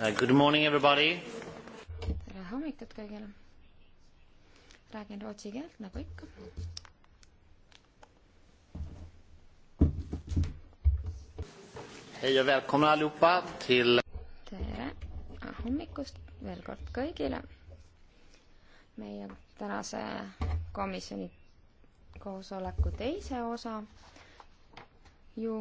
Uh, good morning, everybody! tere hommikut kõigile! räägin rootsi keelt nagu ikka. Hej och välkomna allihopa till... tere hommikust veel kord kõigile meie tänase komisjoni koosoleku teise osa ju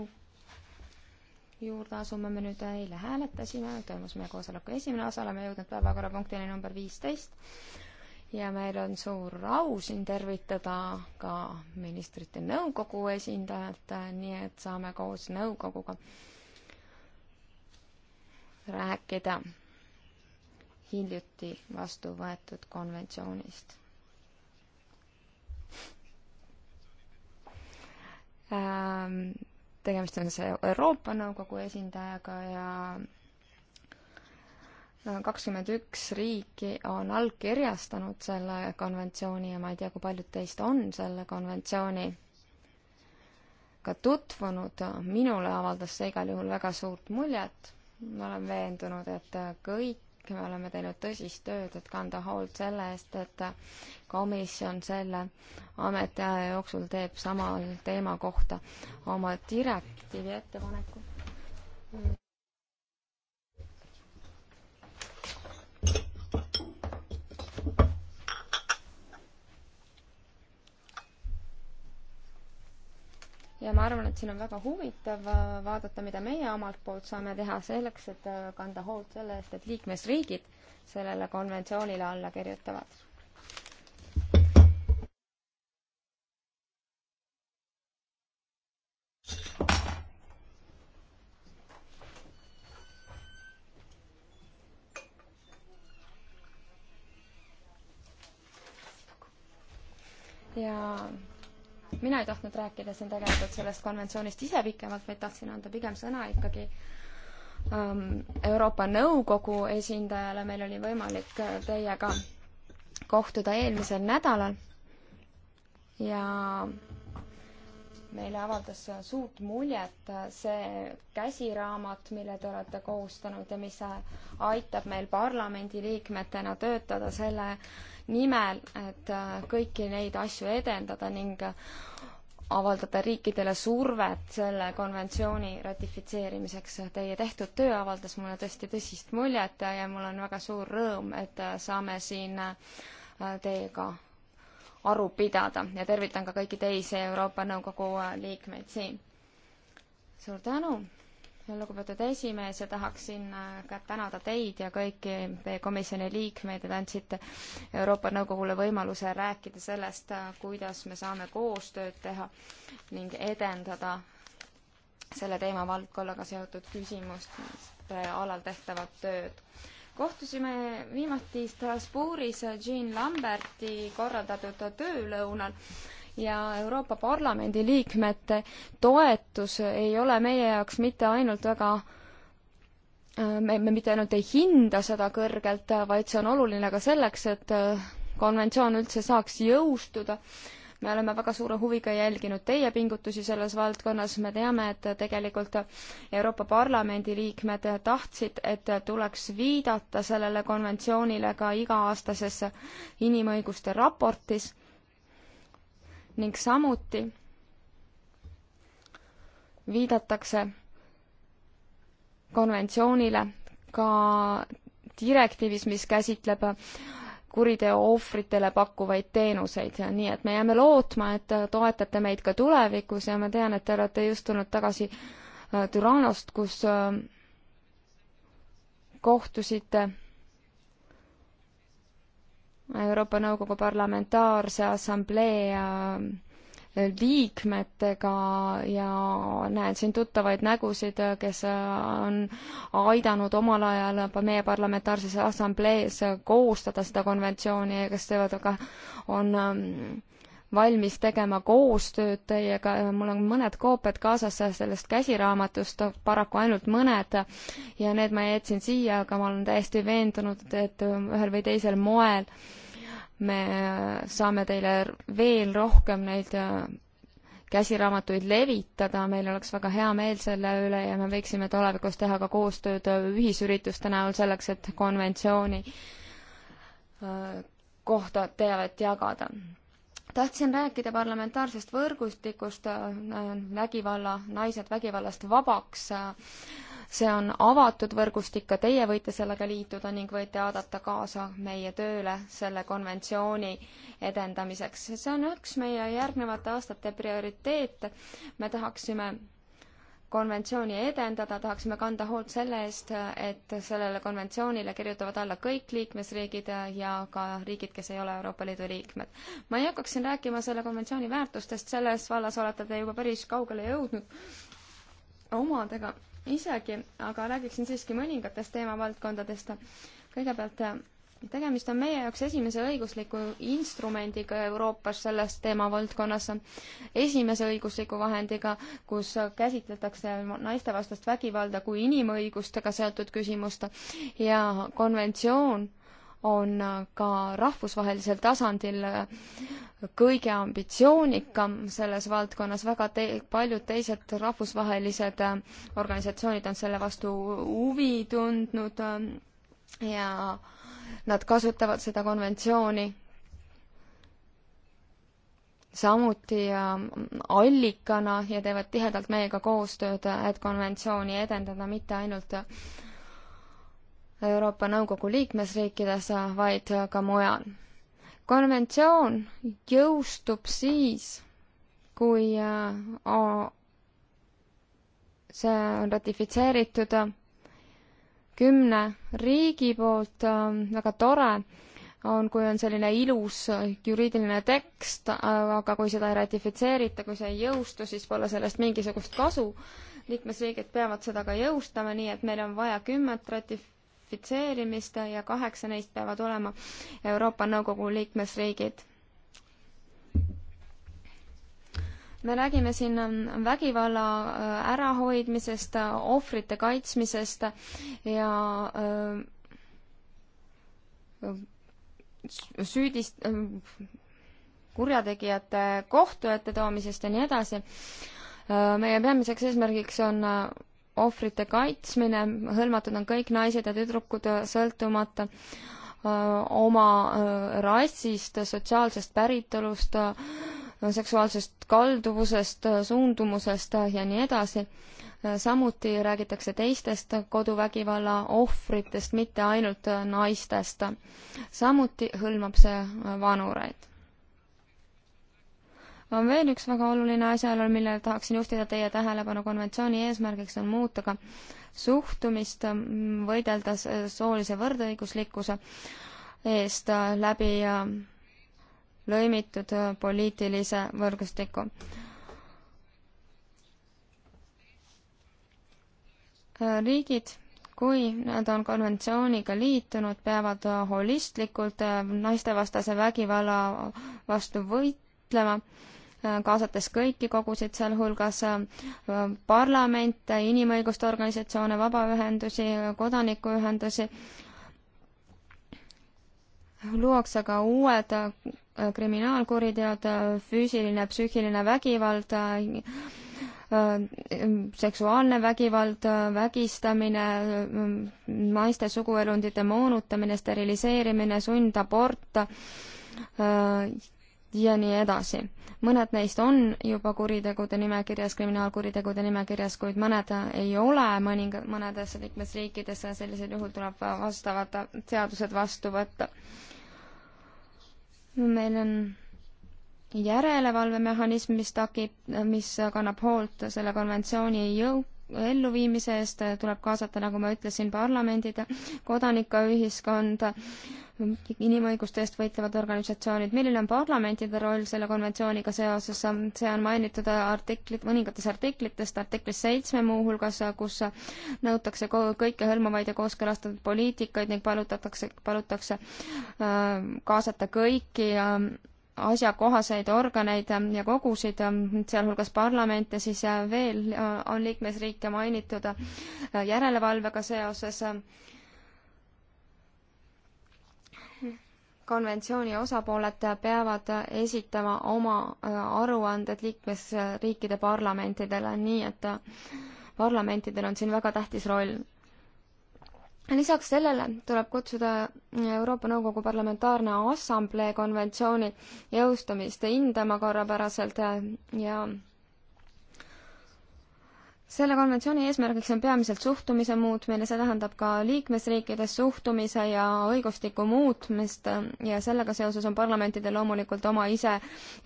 juurde asume me nüüd eile hääletasime, toimus meie koosoleku esimene osa, oleme jõudnud päevakorrapunktini number viisteist ja meil on suur au siin tervitada ka ministrite nõukogu esindajat, nii et saame koos nõukoguga rääkida hiljuti vastu võetud konventsioonist ähm, tegemist on see Euroopa Nõukogu esindajaga ja kakskümmend üks riiki on allkirjastanud selle konventsiooni ja ma ei tea, kui paljud teist on selle konventsiooni ka tutvunud. minule avaldas see igal juhul väga suurt muljet. ma olen veendunud, et kõik kõik, me oleme teinud tõsist tööd, et kanda hoolt selle eest, et komisjon selle ametiaja jooksul teeb samal teema kohta oma direktiivi ettepaneku. ja ma arvan, et siin on väga huvitav äh, vaadata, mida meie omalt poolt saame teha selleks, et äh, kanda hoolt selle eest, et liikmesriigid sellele konventsioonile alla kirjutavad. mina ei tahtnud rääkida siin tegelikult sellest konventsioonist ise pikemalt, vaid tahtsin anda pigem sõna ikkagi um, Euroopa Nõukogu esindajale, meil oli võimalik äh, teiega kohtuda eelmisel nädalal ja meile avaldas suurt muljet see käsiraamat, mille te olete koostanud ja mis aitab meil parlamendiliikmetena töötada selle nimel, et kõiki neid asju edendada ning avaldada riikidele survet selle konventsiooni ratifitseerimiseks. Teie tehtud töö avaldas mulle tõesti tõsist muljet ja mul on väga suur rõõm, et saame siin teiega aru pidada ja tervitan ka kõiki teisi Euroopa Nõukogu liikmeid siin. suur tänu, lugupeetud esimees ja tahaksin äh, ka tänada teid ja kõiki teie komisjoni liikmeid, et andsite Euroopa Nõukogule võimaluse rääkida sellest, äh, kuidas me saame koostööd teha ning edendada selle teemavaldkonnaga seotud küsimuste alal tehtavat tööd kohtusime viimati Strasbourgis Jean Lamberti korraldatud töölõunal ja Euroopa Parlamendi liikmete toetus ei ole meie jaoks mitte ainult väga me, me mitte ainult ei hinda seda kõrgelt, vaid see on oluline ka selleks, et konventsioon üldse saaks jõustuda me oleme väga suure huviga jälginud teie pingutusi selles valdkonnas, me teame, et tegelikult Euroopa Parlamendi liikmed tahtsid, et tuleks viidata sellele konventsioonile ka iga-aastases inimõiguste raportis ning samuti viidatakse konventsioonile ka direktiivis, mis käsitleb kuriteo ohvritele pakkuvaid teenuseid, nii et me jääme lootma, et toetate meid ka tulevikus ja ma tean, et te olete just tulnud tagasi äh, Türanost, kus äh, kohtusite Euroopa Nõukogu Parlamentaarse Assamblee liikmetega ja näen siin tuttavaid nägusid, kes on aidanud omal ajal meie parlamentaarses assamblees koostada seda konventsiooni ja kes teevad aga, on ähm, valmis tegema koostööd teiega, mul on mõned koopiad kaasas sellest käsiraamatust, paraku ainult mõned, ja need ma jätsin siia, aga ma olen täiesti veendunud, et ühel või teisel moel äh, me äh, saame teile veel rohkem neid äh, käsiraamatuid levitada, meil oleks väga hea meel selle üle ja me võiksime tulevikus teha ka koostööd äh, ühisürituste näol selleks, et konventsiooni kohta teavet jagada. tahtsin rääkida parlamentaarsest võrgustikust Vägivalla, Naised vägivallast vabaks see on avatud võrgustik, ka teie võite sellega liituda ning võite aadata kaasa meie tööle selle konventsiooni edendamiseks. see on üks meie järgnevate aastate prioriteete. me tahaksime konventsiooni edendada, tahaksime kanda hoolt selle eest, et sellele konventsioonile kirjutavad alla kõik liikmesriigid ja ka riigid, kes ei ole Euroopa Liidu liikmed. ma ei hakkaks siin rääkima selle konventsiooni väärtustest, selles vallas olete te juba päris kaugele jõudnud omadega isegi, aga räägiksin siiski mõningatest teemavaldkondadest. kõigepealt tegemist on meie jaoks esimese õigusliku instrumendiga Euroopas selles teemavaldkonnas, esimese õigusliku vahendiga, kus käsitletakse naistevastast vägivalda kui inimõigustega seotud küsimust ja konventsioon on ka rahvusvahelisel tasandil kõige ambitsioonikam selles valdkonnas, väga te-, paljud teised rahvusvahelised äh, organisatsioonid on selle vastu huvi tundnud äh, ja nad kasutavad seda konventsiooni samuti äh, allikana ja teevad tihedalt meiega koostööd, et konventsiooni edendada mitte ainult äh, Euroopa Nõukogu liikmesriikides, vaid ka mujal. konventsioon jõustub siis, kui äh, see on ratifitseeritud äh, kümne riigi poolt, äh, väga tore on, kui on selline ilus juriidiline tekst, aga kui seda ei ratifitseerita, kui see ei jõustu, siis pole sellest mingisugust kasu. liikmesriigid peavad seda ka jõustama, nii et meil on vaja kümmet ratif-, ratifitseerimist ja kaheksa neist peavad olema Euroopa Nõukogu liikmesriigid. me räägime siin vägivalla äh, ärahoidmisest, ohvrite kaitsmisest ja äh, süüdist-, kurjategijate kohtu ette toomisest ja nii edasi. Äh, meie peamiseks eesmärgiks on ohvrite kaitsmine, hõlmatud on kõik naised ja tüdrukud äh, sõltumata äh, oma äh, rassist, sotsiaalsest päritolust, seksuaalsest kalduvusest, suundumusest ja nii edasi. samuti räägitakse teistest koduvägivalla ohvritest, mitte ainult naistest. samuti hõlmab see vanureid on veel üks väga oluline asjaolu, millele tahaksin juhtida teie tähelepanu, konventsiooni eesmärgiks on muuta ka suhtumist, mm, võidelda äh, soolise võrdõiguslikkuse eest äh, läbi äh, lõimitud poliitilise võrgustiku. riigid, kui nad on konventsiooniga liitunud, peavad holistlikult naistevastase vägivalla vastu võitlema ütlema Äh, kaasates kõiki kogusid, sealhulgas äh, parlamente, inimõiguste organisatsioone, vabaühendusi, kodanikuühendusi. luuakse ka uued äh, kriminaalkuriteod, füüsiline, psüühiline vägivald, seksuaalne vägivald, vägistamine, naiste suguelundite moonutamine, steriliseerimine, sundabort ja nii edasi. mõned neist on juba kuritegude nimekirjas, kriminaalkuritegude nimekirjas, kuid mõned ei ole, mõninga, mõnedes liikmesriikides sellisel juhul tuleb vastavad seadused vastu võtta. meil on järelevalvemehhanism, mis takib, mis kannab hoolt selle konventsiooni jõu, elluviimise eest, tuleb kaasata, nagu ma ütlesin, parlamendid, kodanikuühiskond, inimõiguste eest võitlevad organisatsioonid. milline on parlamentide roll selle konventsiooniga seoses, see on mainitud artiklit, mõningates artiklitest, artiklis seitsme muuhulgas, kus nõutakse kõikehõlmavaid ja kooskõlastatud poliitikaid ning palutatakse, palutakse äh, kaasata kõiki äh, asjakohaseid organeid ja kogusid, sealhulgas parlamente, siis äh, veel on liikmesriike mainitud järelevalvega seoses konventsiooni osapooled peavad esitama oma äh, aruanded liikmesriikide parlamentidele, nii et äh, parlamentidel on siin väga tähtis roll. lisaks sellele tuleb kutsuda Euroopa Nõukogu Parlamentaarne Assamblee konventsiooni jõustumist hindama korrapäraselt äh, ja selle konventsiooni eesmärgiks on peamiselt suhtumise muutmine, see tähendab ka liikmesriikides suhtumise ja õigustiku muutmist äh, ja sellega seoses on parlamentidel loomulikult oma ise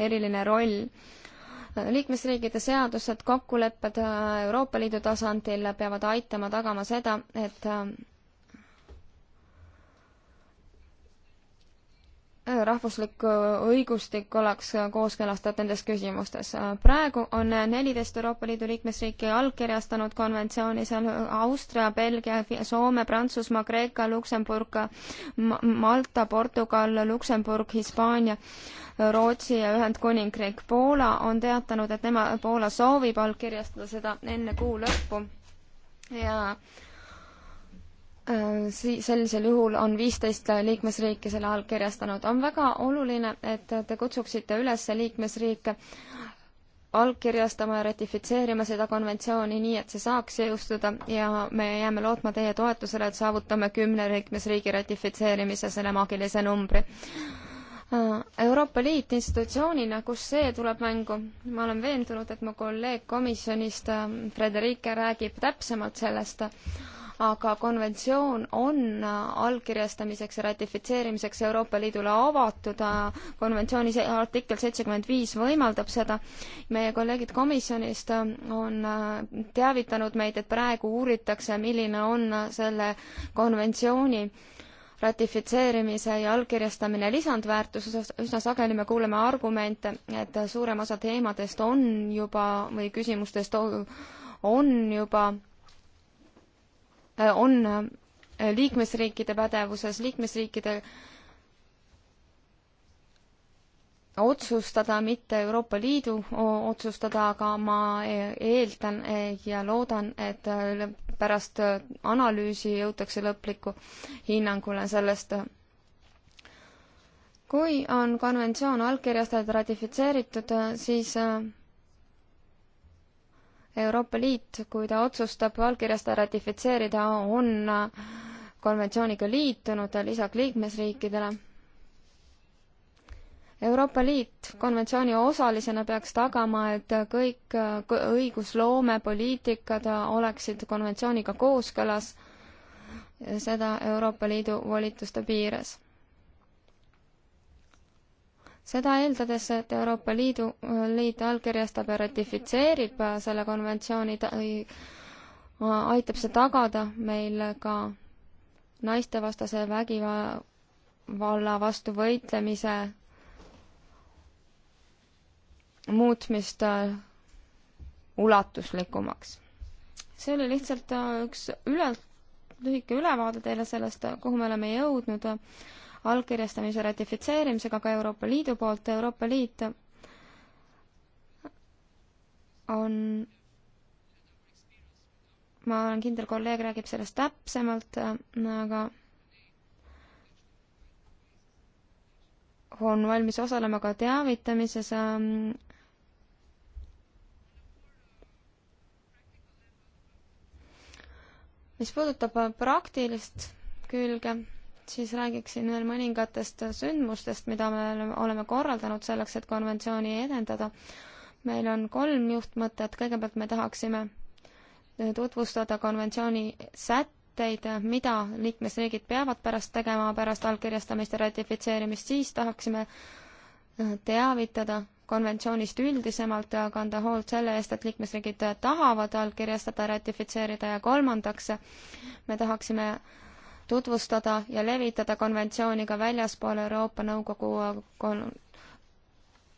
eriline roll. Äh, liikmesriikide seadused, kokkulepped äh, Euroopa Liidu tasandil peavad aitama tagama seda, et rahvuslik äh, õigustik oleks äh, kooskõlastatud nendes küsimustes. Äh, praegu on neliteist Euroopa Liidu liikmesriiki allkirjastanud konventsiooni, seal Austria, Belgia, Soome, Prantsusmaa, Kreeka, Luksemburg, Malta, Portugal, Luksemburg, Hispaania, Rootsi ja Ühendkuningriik. Poola on teatanud, et nema, Poola soovib allkirjastada seda enne kuu lõppu ja äh, Äh, si-, sellisel juhul on viisteist liikmesriiki selle allkirjastanud. on väga oluline, et te kutsuksite üles liikmesriike allkirjastama ja ratifitseerima seda konventsiooni nii, et see saaks jõustuda ja me jääme lootma teie toetusele, et saavutame kümne liikmesriigi ratifitseerimise selle maagilise numbri. Äh, Euroopa Liit institutsioonina, kus see tuleb mängu, ma olen veendunud, et mu kolleeg komisjonist äh, Frederike räägib täpsemalt sellest, aga konventsioon on allkirjastamiseks ja ratifitseerimiseks Euroopa Liidule avatud, konventsiooni artikkel seitsekümmend viis võimaldab seda. meie kolleegid komisjonist on teavitanud meid, et praegu uuritakse, milline on selle konventsiooni ratifitseerimise ja allkirjastamine lisandväärtus, üsna sageli me kuuleme argumente, et suurem osa teemadest on juba või küsimustest on juba on äh, liikmesriikide pädevuses, liikmesriikide otsustada, mitte Euroopa Liidu otsustada, aga ma e-, eeldan e-, ja loodan, et äh, pärast äh, analüüsi jõutakse lõpliku hinnangule sellest. kui on konventsioon allkirjastatud, ratifitseeritud, siis Euroopa Liit, kui ta otsustab allkirjastada, ratifitseerida, on konventsiooniga liitunud lisaks liikmesriikidele. Euroopa Liit konventsiooni osalisena peaks tagama, et kõik õigusloome poliitikad oleksid konventsiooniga kooskõlas, seda Euroopa Liidu volituste piires seda eeldades, et Euroopa Liidu, liit allkirjastab ja ratifitseerib selle konventsiooni, aitab see tagada meil ka naistevastase vägivalla vastu võitlemise muutmist äh, ulatuslikumaks. see oli lihtsalt äh, üks üle, lühike ülevaade teile sellest, kuhu me oleme jõudnud allkirjastamise ratifitseerimisega ka Euroopa Liidu poolt. Euroopa Liit on, ma olen kindel, kolleeg räägib sellest täpsemalt, aga on valmis osalema ka teavitamises ähm, mis puudutab praktilist külge, siis räägiksin veel mõningatest sündmustest, mida me oleme korraldanud selleks, et konventsiooni edendada. meil on kolm juhtmõtet, kõigepealt me tahaksime tutvustada konventsiooni sätteid, mida liikmesriigid peavad pärast tegema, pärast allkirjastamist ja ratifitseerimist, siis tahaksime teavitada konventsioonist üldisemalt ja kanda hoolt selle eest, et liikmesriigid tahavad allkirjastada, ratifitseerida ja kolmandaks me tahaksime tutvustada ja levitada konventsiooni ka väljaspool Euroopa Nõukogu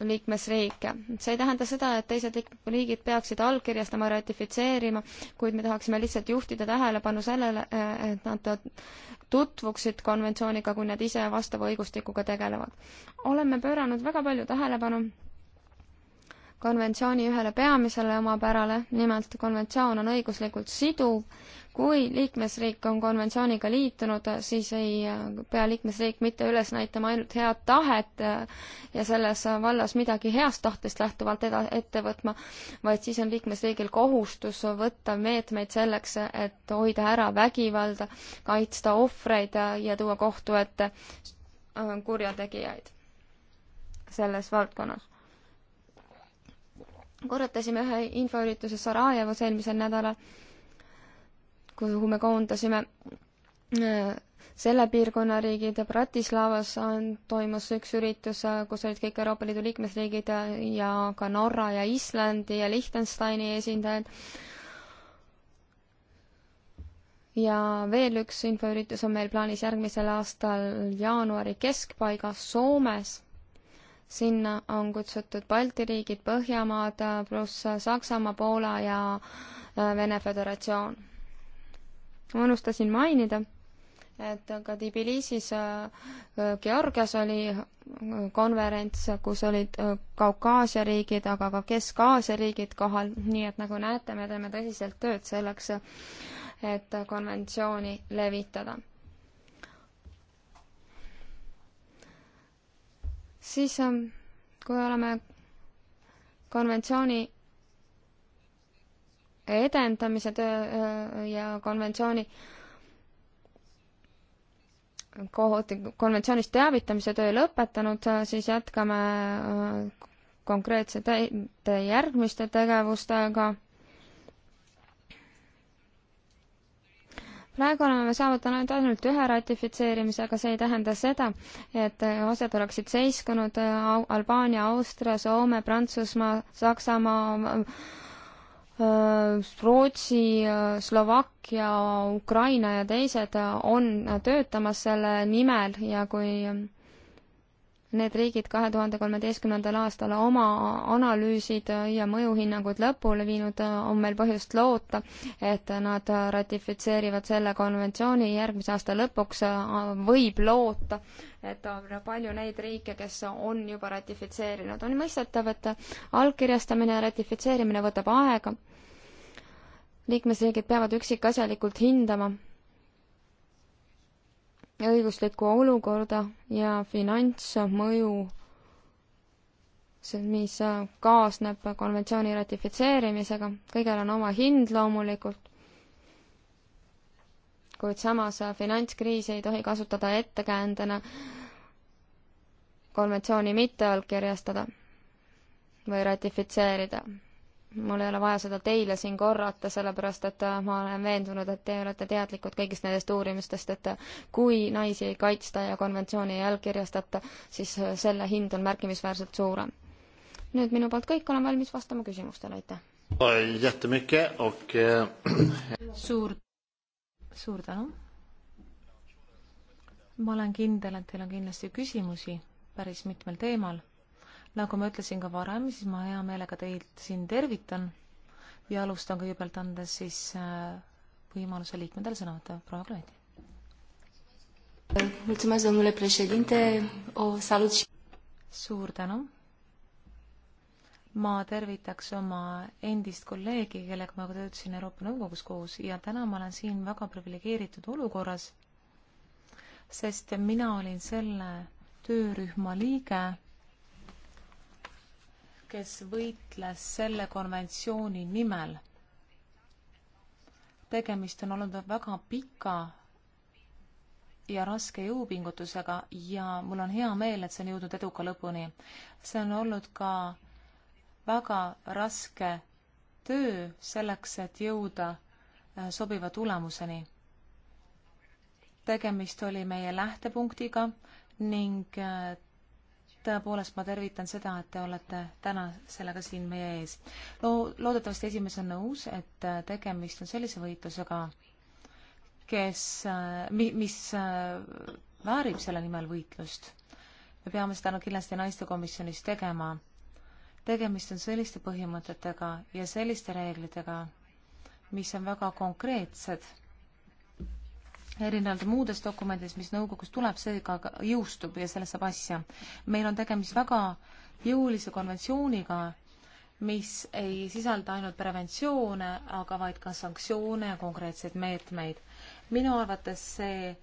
liikmesriike. see ei tähenda seda, et teised riigid peaksid allkirjastama, ratifitseerima, kuid me tahaksime lihtsalt juhtida tähelepanu sellele, et nad tutvuksid konventsiooniga, kui nad ise vastava õigustikuga tegelevad. oleme pööranud väga palju tähelepanu konventsiooni ühele peamisele omapärale, nimelt konventsioon on õiguslikult siduv, kui liikmesriik on konventsiooniga liitunud, siis ei pea liikmesriik mitte üles näitama ainult head tahet ja selles vallas midagi heast tahtest lähtuvalt eda-, ette võtma, vaid siis on liikmesriigil kohustus võtta meetmeid selleks, et hoida ära vägivalda, kaitsta ohvreid ja tuua kohtu ette kurjategijaid selles valdkonnas korratasime ühe infoürituse Sarajevos eelmisel nädalal, kuhu me koondasime äh, selle piirkonna riigid ja Bratislavas on, toimus üks üritus, kus olid kõik Euroopa Liidu liikmesriigid ja, ja ka Norra ja Islandi ja Liechtensteini esindajad. ja veel üks infoüritus on meil plaanis järgmisel aastal jaanuari keskpaigas Soomes sinna on kutsutud Balti riigid, Põhjamaad pluss Saksamaa, Poola ja äh, Vene Föderatsioon. ma unustasin mainida, et ka Tbilisis äh, Georgias oli äh, konverents, kus olid Kaukaasia riigid, aga ka Kesk-Aasia riigid kohal, nii et nagu näete, me teeme tõsiselt tööd selleks, et konventsiooni levitada siis ähm, kui oleme konventsiooni edendamise töö äh, äh, ja konventsiooni konventsioonist teavitamise töö lõpetanud, äh, siis jätkame konkreetsete järgmiste tegevustega praegu oleme me saavutanud ainult ühe ratifitseerimise, aga see ei tähenda seda, et asjad oleksid seiskunud äh, Albaania, Austria, Soome, Prantsusmaa, Saksamaa, äh, Rootsi, äh, Slovakkia, Ukraina ja teised on töötamas selle nimel ja kui need riigid kahe tuhande kolmeteistkümnendal aastal oma analüüsid ja mõjuhinnangud lõpule viinud, on meil põhjust loota, et nad ratifitseerivad selle konventsiooni järgmise aasta lõpuks, võib loota, et on palju neid riike, kes on juba ratifitseerinud. on mõistetav, et allkirjastamine ja ratifitseerimine võtab aega, liikmesriigid peavad üksikasjalikult hindama õiguslikku olukorda ja finantsmõju, mis kaasneb konventsiooni ratifitseerimisega. kõigel on oma hind loomulikult, kuid samas finantskriisi ei tohi kasutada ettekäändena konventsiooni mitte allkirjastada või ratifitseerida mul ei ole vaja seda teile siin korrata, sellepärast et äh, ma olen veendunud, et te olete teadlikud kõigist nendest uurimistest, et äh, kui naisi ei kaitsta ja konventsiooni ei allkirjastata, siis äh, selle hind on märkimisväärselt suurem. nüüd minu poolt kõik, olen valmis vastama küsimustele, aitäh! suur, suur tänu! ma olen kindel, et teil on kindlasti küsimusi päris mitmel teemal nagu ma ütlesin ka varem, siis ma hea meelega teid siin tervitan ja alustan kõigepealt andes siis äh, võimaluse liikmetele sõna võtta. proua Klaadi. suur tänu. ma tervitaks oma endist kolleegi, kellega ma töötasin Euroopa Nõukogus koos ja täna ma olen siin väga priviligeeritud olukorras, sest mina olin selle töörühma liige kes võitles selle konventsiooni nimel. tegemist on olnud väga pika ja raske jõupingutusega ja mul on hea meel, et see on jõudnud eduka lõpuni. see on olnud ka väga raske töö selleks, et jõuda äh, sobiva tulemuseni. tegemist oli meie lähtepunktiga ning äh, tõepoolest ma tervitan seda, et te olete täna sellega siin meie ees. loo-, loodetavasti esimees on nõus, et äh, tegemist on sellise võitlusega, kes, äh, mi-, mis äh, väärib selle nimel võitlust. me peame seda kindlasti naistekomisjonis tegema. tegemist on selliste põhimõtetega ja selliste reeglitega, mis on väga konkreetsed erinevalt muudest dokumentidest, mis nõukogust tuleb, see ka jõustub ja sellest saab asja. meil on tegemist väga jõulise konventsiooniga, mis ei sisalda ainult preventsioone, aga vaid ka sanktsioone ja konkreetseid meetmeid. minu arvates see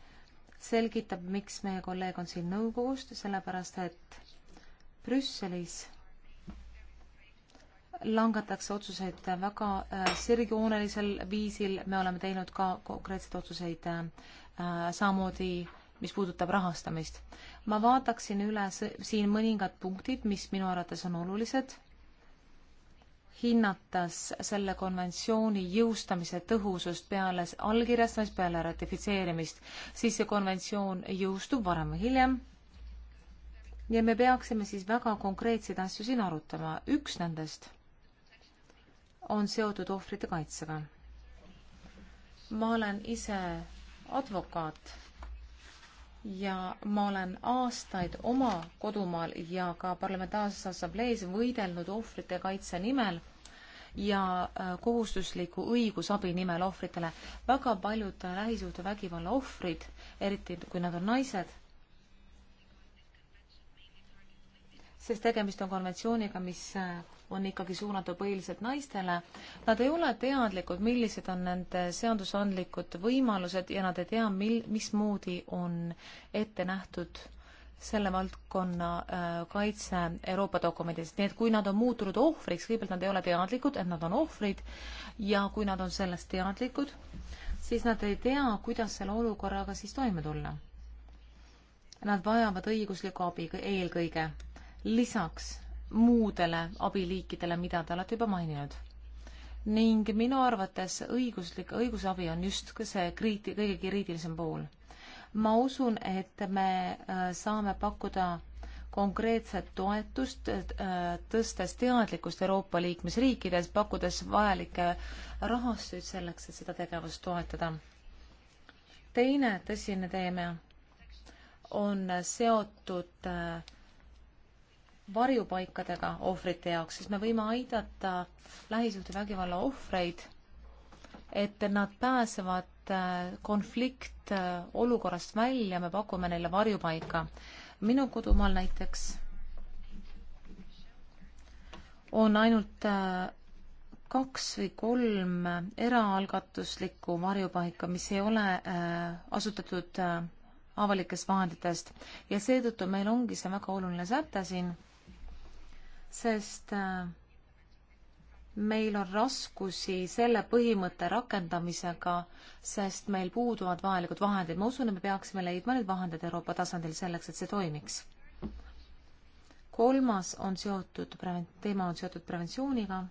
selgitab, miks meie kolleeg on siin nõukogust, sellepärast et Brüsselis langetakse otsuseid väga äh, sirgjoonelisel viisil, me oleme teinud ka konkreetseid otsuseid äh, samamoodi, mis puudutab rahastamist. ma vaataksin üle siin mõningad punktid, mis minu arvates on olulised, hinnates selle konventsiooni jõustamise tõhusust peale allkirjastamist, peale ratifitseerimist, siis see konventsioon jõustub varem või hiljem ja me peaksime siis väga konkreetseid asju siin arutama. üks nendest on seotud ohvrite kaitsega. ma olen ise advokaat ja ma olen aastaid oma kodumaal ja ka parlamentaarses assamblees võidelnud ohvrite kaitse nimel ja äh, kohustusliku õigusabi nimel ohvritele. väga paljud lähisuhtevägivalla ohvrid, eriti kui nad on naised, sest tegemist on konventsiooniga, mis äh, on ikkagi suunatud põhiliselt naistele. Nad ei ole teadlikud, millised on nende seadusandlikud võimalused ja nad ei tea, mil, mismoodi on ette nähtud selle valdkonna äh, kaitse Euroopa dokumendis, nii et kui nad on muutunud ohvriks, kõigepealt nad ei ole teadlikud, et nad on ohvrid ja kui nad on sellest teadlikud, siis nad ei tea, kuidas selle olukorraga siis toime tulla. Nad vajavad õiguslikku abi eelkõige lisaks muudele abiliikidele, mida te olete juba maininud. ning minu arvates õiguslik, õigusabi on just see kriiti-, kõige kriitilisem pool. ma usun, et me äh, saame pakkuda konkreetset toetust, äh, tõstes teadlikkust Euroopa liikmesriikides, pakkudes vajalikke rahastuid selleks, et seda tegevust toetada. teine tõsine teema on seotud äh, varjupaikadega ohvrite jaoks, sest me võime aidata lähisuhtevägivalla ohvreid, et nad pääsevad äh, konfliktolukorrast äh, välja, me pakume neile varjupaika. minu kodumaal näiteks on ainult äh, kaks või kolm eraalgatuslikku varjupaika, mis ei ole asutatud avalikest vahenditest ja seetõttu meil ongi see väga oluline säte siin sest äh, meil on raskusi selle põhimõtte rakendamisega, sest meil puuduvad vajalikud vahendid. ma usun, et me peaksime leidma need vahendid Euroopa tasandil selleks, et see toimiks. kolmas on seotud, teema on seotud preventsiooniga.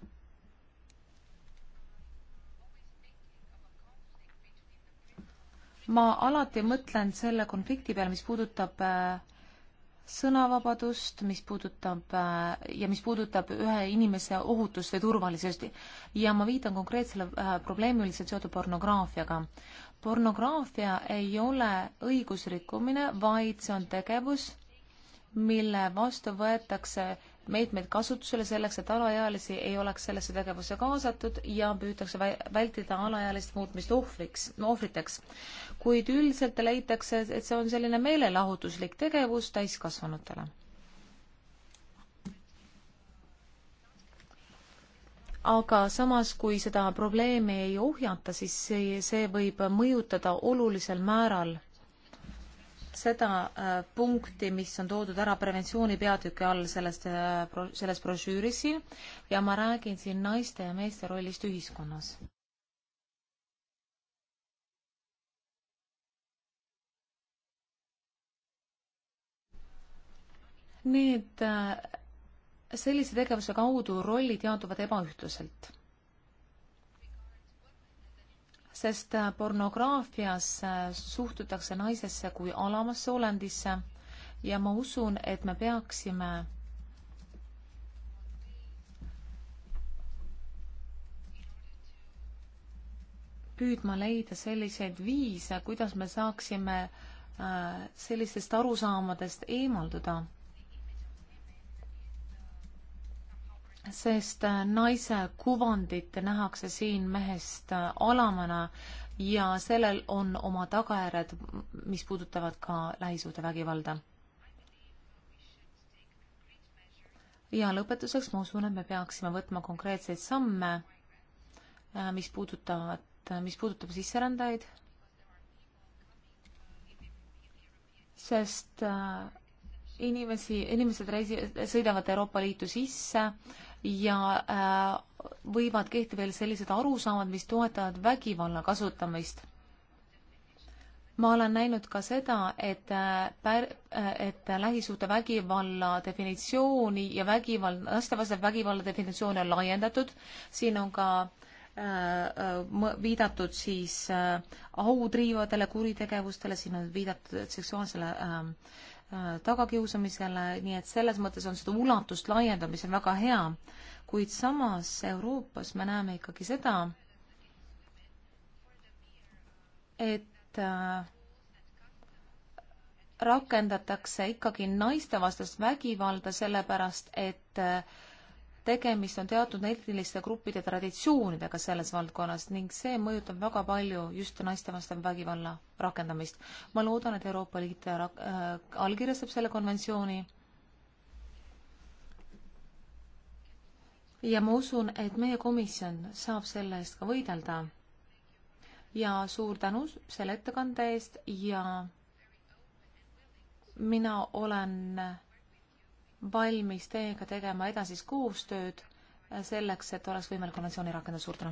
ma alati mõtlen selle konflikti peale, mis puudutab äh, sõnavabadust, mis puudutab äh, ja mis puudutab ühe inimese ohutust või turvalisust. ja ma viitan konkreetsele äh, probleemile, see on seotud pornograafiaga. pornograafia ei ole õigusrikkumine, vaid see on tegevus, mille vastu võetakse meetmeid kasutusele selleks, et alaealisi ei oleks sellesse tegevusse kaasatud ja püütakse vältida alaealist muutmist ohvriks, ohvriteks. kuid üldiselt leitakse, et see on selline meelelahutuslik tegevus täiskasvanutele. aga samas, kui seda probleemi ei ohjata, siis see, see võib mõjutada olulisel määral seda äh, punkti, mis on toodud ära preventsiooni peatüki all sellest, äh, selles brošüüris siin ja ma räägin siin naiste ja meeste rollist ühiskonnas. Need äh, sellise tegevuse kaudu rollid jaotuvad ebaühtlaselt sest äh, pornograafias äh, suhtutakse naisesse kui alamasse olendisse ja ma usun, et me peaksime püüdma leida selliseid viise, kuidas me saaksime äh, sellistest arusaamadest eemalduda sest äh, naise kuvandit nähakse siin mehest äh, alamana ja sellel on oma tagajärjed, mis puudutavad ka lähisuhtevägivalda. ja lõpetuseks ma usun, et me peaksime võtma konkreetseid samme, äh, mis puudutavad, mis puudutab sisserändajaid, sest inimesi, inimesed reisi-, sõidavad Euroopa Liitu sisse ja äh, võivad kehtida veel sellised arusaamad, mis toetavad vägivalla kasutamist. ma olen näinud ka seda, et äh, pär-, äh, et lähisuhtevägivalla definitsiooni ja vägivald, lastevastase vägivalla definitsiooni on laiendatud, siin on ka viidatud siis autriivadele, kuritegevustele, siin on viidatud seksuaalsele äh, Äh, tagakiusamisele, nii et selles mõttes on seda ulatust laiendamisel väga hea. kuid samas Euroopas me näeme ikkagi seda, et äh, rakendatakse ikkagi naistevastast vägivalda, sellepärast et äh, tegemist on teatud etniliste gruppide traditsioonidega selles valdkonnas ning see mõjutab väga palju just naistevastase vägivalla rakendamist. ma loodan, et Euroopa Liit rak-, äh, allkirjastab selle konventsiooni. ja ma usun, et meie komisjon saab selle eest ka võidelda. ja suur tänu selle ettekande eest ja mina olen valmis teiega tegema edasist koostööd selleks, et oleks võimalik konventsiooni rakendada. suur tänu!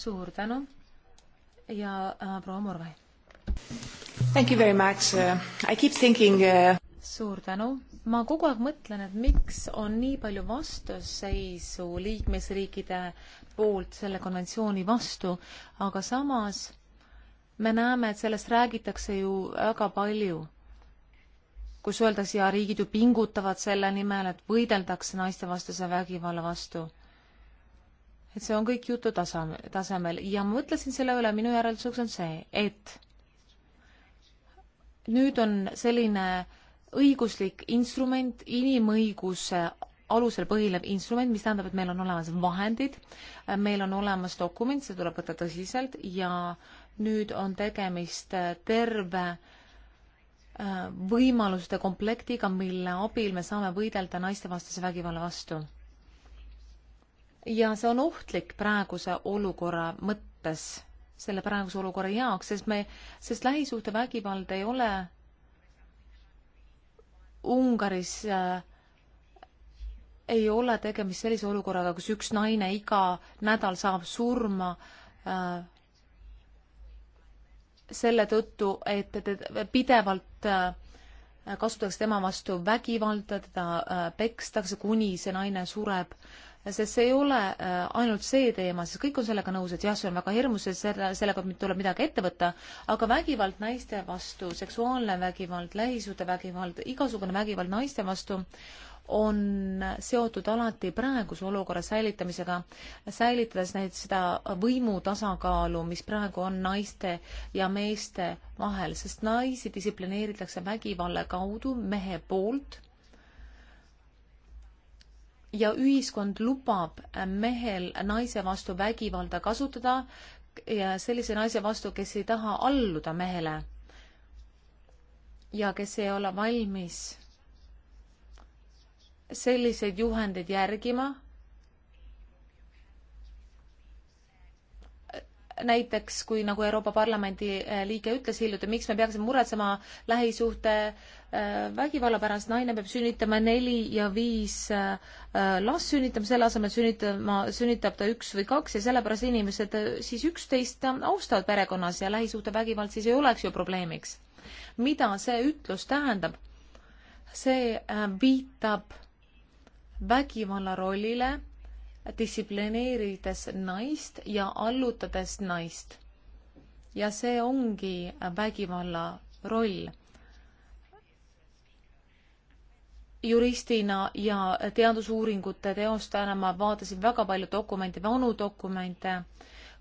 suur tänu ja äh, proua Morvai! Thank you very much uh,. I keep thinking uh... suur tänu! ma kogu aeg mõtlen, et miks on nii palju vastuseisu liikmesriikide poolt selle konventsiooni vastu, aga samas me näeme, et sellest räägitakse ju väga palju kus öeldakse ja riigid ju pingutavad selle nimel, et võideldakse naistevastase vägivalla vastu. et see on kõik jutu tasame, tasemel ja ma mõtlesin selle üle, minu järelduseks on see, et nüüd on selline õiguslik instrument, inimõiguse alusel põhinev instrument, mis tähendab, et meil on olemas vahendid, meil on olemas dokument, see tuleb võtta tõsiselt ja nüüd on tegemist terve äh, võimaluste komplektiga, mille abil me saame võidelda naistevastase vägivalla vastu. ja see on ohtlik praeguse olukorra mõttes, selle praeguse olukorra jaoks, sest me, sest lähisuhtevägivald ei ole Ungaris äh, ei ole tegemist sellise olukorraga, kus üks naine iga nädal saab surma äh, selle tõttu, et te pidevalt äh, kasutatakse tema vastu vägivalda, teda äh, pekstakse, kuni see naine sureb. sest see ei ole äh, ainult see teema, sest kõik on sellega nõus, et jah, see on väga hirmus ja selle, sellega tuleb midagi ette võtta, aga vägivald naiste vastu, seksuaalne vägivald, lähisuhte vägivald, igasugune vägivald naiste vastu on seotud alati praeguse olukorra säilitamisega, säilitades neid, seda võimu tasakaalu, mis praegu on naiste ja meeste vahel, sest naisi distsiplineeritakse vägivalla kaudu mehe poolt ja ühiskond lubab mehel naise vastu vägivalda kasutada ja sellise naise vastu, kes ei taha alluda mehele ja kes ei ole valmis selliseid juhendeid järgima. näiteks kui nagu Euroopa Parlamendi eh, liige ütles hiljuti, miks me peaksime muretsema lähisuhte eh, vägivalla pärast, naine peab sünnitama neli ja viis eh, last sünnitama, selle asemel sünnitama, sünnitab ta üks või kaks ja sellepärast inimesed siis üksteist austavad perekonnas ja lähisuhtevägivald siis ei oleks ju probleemiks. mida see ütlus tähendab? see viitab vägivalla rollile distsiplineerides naist ja allutades naist. ja see ongi vägivalla roll juristina ja teadusuuringute teostajana ma vaatasin väga palju dokumente, vanu dokumente,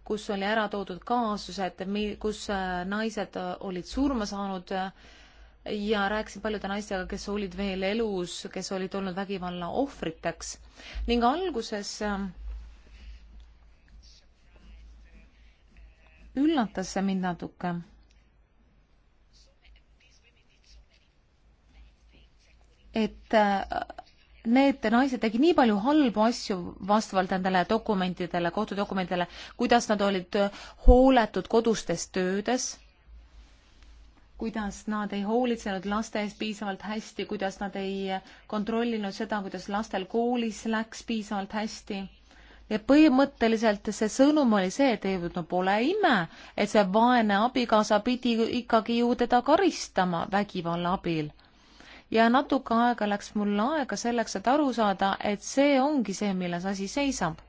kus oli ära toodud kaasused, kus äh, naised olid surma saanud äh, ja rääkisin paljude naistega, kes olid veel elus, kes olid olnud vägivalla ohvriteks ning alguses ähm, üllatas see mind natuke. et äh, need naised tegid nii palju halbu asju vastavalt nendele dokumentidele, kohtudokumentidele, kuidas nad olid äh, hooletud kodustes töödes kuidas nad ei hoolitsenud laste eest piisavalt hästi, kuidas nad ei kontrollinud seda, kuidas lastel koolis läks piisavalt hästi. ja põhimõtteliselt see sõnum oli see, et ei, no pole ime, et see vaene abikaasa pidi ikkagi ju teda karistama vägivalla abil. ja natuke aega läks mul aega selleks, et aru saada, et see ongi see, milles asi seisab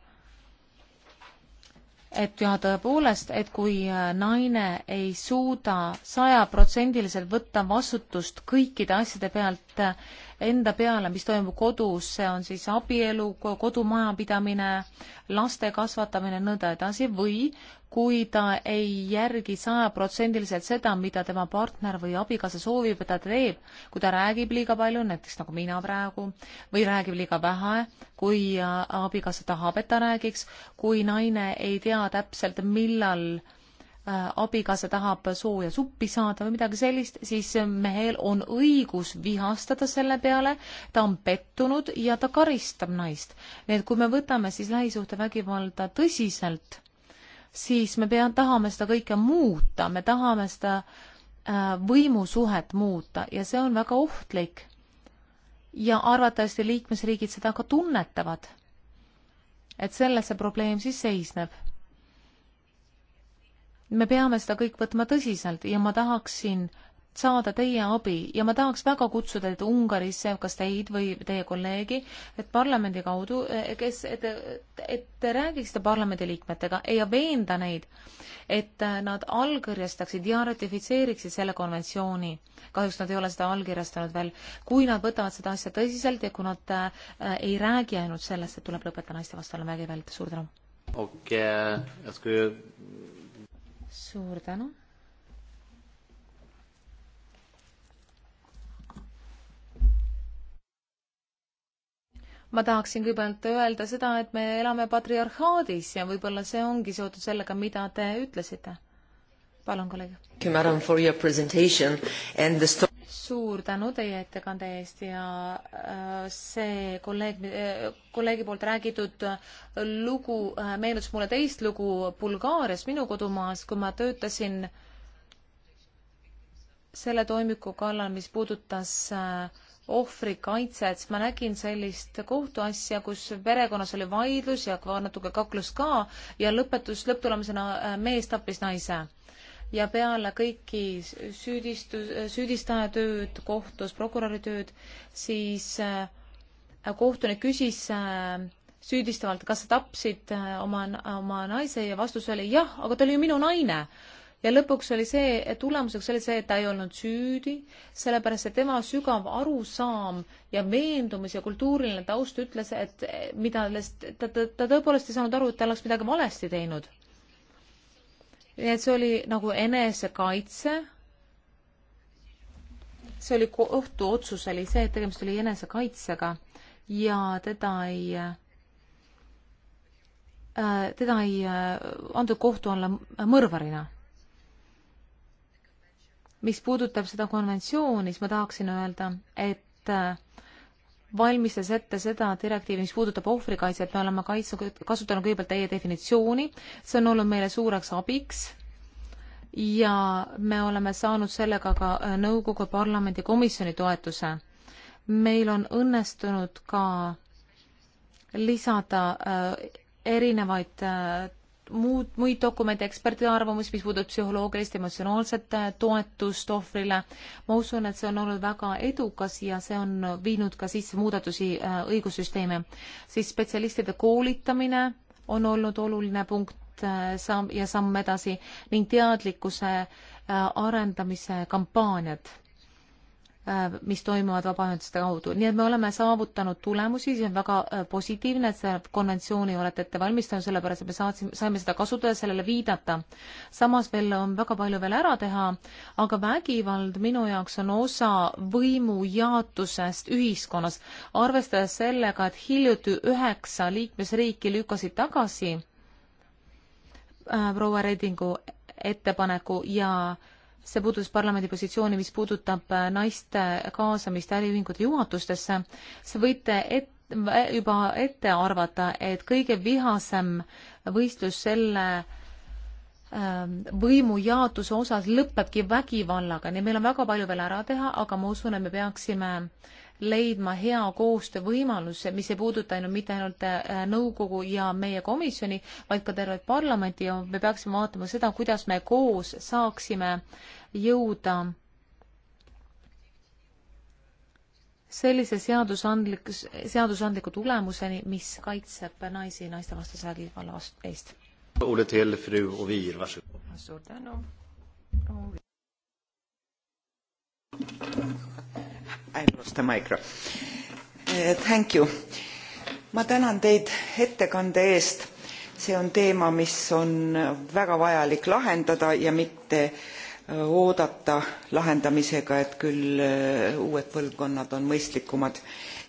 et jah, tõepoolest, et kui äh, naine ei suuda sajaprotsendiliselt võtta vastutust kõikide asjade pealt, äh, enda peale, mis toimub kodus, see on siis abielu, kodumajapidamine, laste kasvatamine, nõnda edasi, või kui ta ei järgi sajaprotsendiliselt seda, mida tema partner või abikaasa soovib, et ta teeb, kui ta räägib liiga palju, näiteks nagu mina praegu, või räägib liiga vähe, kui abikaasa tahab, et ta räägiks, kui naine ei tea täpselt, millal äh, Äh, abikaasa tahab sooja suppi saada või midagi sellist, siis mehel on õigus vihastada selle peale, ta on pettunud ja ta karistab naist. nii et kui me võtame siis lähisuhtevägivalda tõsiselt, siis me pea-, tahame seda kõike muuta, me tahame seda äh, võimusuhet muuta ja see on väga ohtlik. ja arvatavasti liikmesriigid seda ka tunnetavad. et selles see probleem siis seisneb me peame seda kõik võtma tõsiselt ja ma tahaksin saada teie abi ja ma tahaks väga kutsuda teid Ungarisse, kas teid või teie kolleegi, et parlamendi kaudu, eh, kes, et, et te räägiksite parlamendiliikmetega ja veenda neid, et eh, nad allkirjastaksid ja ratifitseeriksid selle konventsiooni. kahjuks nad ei ole seda allkirjastanud veel. kui nad võtavad seda asja tõsiselt ja kui nad äh, ei räägi ainult sellest, et tuleb lõpetada naistevastane vägivald. suur tänu. okei okay., äh, jätku suur tänu. ma tahaksin kõigepealt öelda seda, et me elame patriarhaadis ja võib-olla see ongi seotud sellega, mida te ütlesite. palun, kolleeg suur tänu teie ettekande eest ja äh, see kolleeg, äh, kolleegi poolt räägitud lugu äh, meenutas mulle teist lugu Bulgaarias, minu kodumaas, kui ma töötasin selle toimiku kallal, mis puudutas ohvrikaitset, siis ma nägin sellist kohtuasja, kus perekonnas oli vaidlus ja natuke kaklus ka ja lõpetus, lõpptulemusena mees tappis naise ja peale kõiki süüdistus, süüdistaja tööd kohtus, prokuröri tööd, siis äh, kohtunik küsis äh, süüdistavalt, kas sa tapsid äh, oma, oma naise ja vastus oli jah, aga ta oli ju minu naine ja lõpuks oli see, tulemuseks oli see, et ta ei olnud süüdi, sellepärast et tema sügav arusaam ja veendumus ja kultuuriline taust ütles, et eh, mida ta, ta, ta tõepoolest ei saanud aru, et ta oleks midagi valesti teinud nii et see oli nagu enesekaitse. see oli kohtuotsus oli see, et tegemist oli enesekaitsega ja teda ei, äh, teda ei äh, antud kohtu alla mõrvarina. mis puudutab seda konventsiooni, siis ma tahaksin öelda, et äh, valmistas ette seda direktiivi, mis puudutab ohvrikaitset, me oleme kaitsu-, kasutanud kõigepealt teie definitsiooni, see on olnud meile suureks abiks ja me oleme saanud sellega ka äh, nõukogu parlamendi komisjoni toetuse. meil on õnnestunud ka lisada äh, erinevaid äh, muud, muid dokumente, ekspertide arvamus, mis puudutab psühholoogilist, emotsionaalset äh, toetust ohvrile. ma usun, et see on olnud väga edukas ja see on viinud ka sisse muudatusi äh, õigussüsteemi. siis spetsialistide koolitamine on olnud oluline punkt äh, samm ja samm edasi ning teadlikkuse arendamise kampaaniad Äh, mis toimuvad vabaühenduste kaudu. nii et me oleme saavutanud tulemusi, see on väga äh, positiivne, et seda konventsiooni olete ette valmistanud, sellepärast et me saatsime, saime seda kasutada, sellele viidata. samas veel on väga palju veel ära teha, aga vägivald minu jaoks on osa võimujaotusest ühiskonnas, arvestades sellega, et hiljuti üheksa liikmesriiki lükkasid tagasi äh, proua Redingu ettepaneku ja äh, see puudutas parlamendi positsiooni, mis puudutab äh, naiste kaasamist äriühingute juhatustesse, siis võite et, juba ette arvata, et kõige vihasem võistlus selle ähm, võimujaotuse osas lõpebki vägivallaga, nii et meil on väga palju veel ära teha, aga ma usun, et me peaksime äh, leidma hea koostöövõimaluse, mis ei puuduta ainult mitte ainult äh, nõukogu ja meie komisjoni, vaid ka tervet parlamenti ja me peaksime vaatama seda, kuidas me koos saaksime jõuda sellise seadusandlik, seadusandliku tulemuseni, mis kaitseb naisi naistevastase vägivalla vastu, eest. suur tänu. I lost the micro. Eh, thank you. ma tänan teid ettekande eest. see on teema, mis on väga vajalik lahendada ja mitte eh, oodata lahendamisega, et küll eh, uued põlvkonnad on mõistlikumad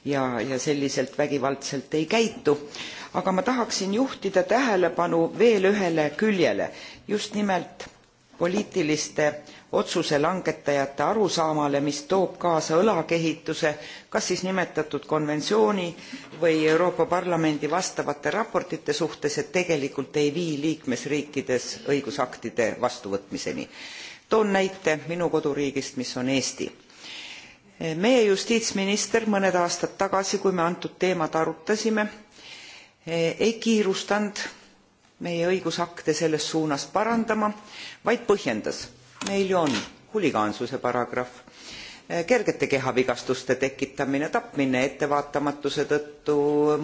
ja, ja selliselt vägivaldselt ei käitu. aga ma tahaksin juhtida tähelepanu veel ühele küljele, just nimelt poliitiliste otsuse langetajate arusaamale mis toob kaasa õlakehituse kas siis nimetatud konventsiooni või euroopa parlamendi vastavate raportite suhtes et tegelikult ei vii liikmesriikides õigusaktide vastuvõtmiseni. toon näite minu koduriigist mis on eesti. meie justiitsminister mõned aastad tagasi kui me antud teemat arutasime ei kiirustanud meie õigusakte selles suunas parandama vaid põhjendas meil ju on huligaansuse paragrahv äh, kergete kehavigastuste tekitamine tapmine ettevaatamatuse tõttu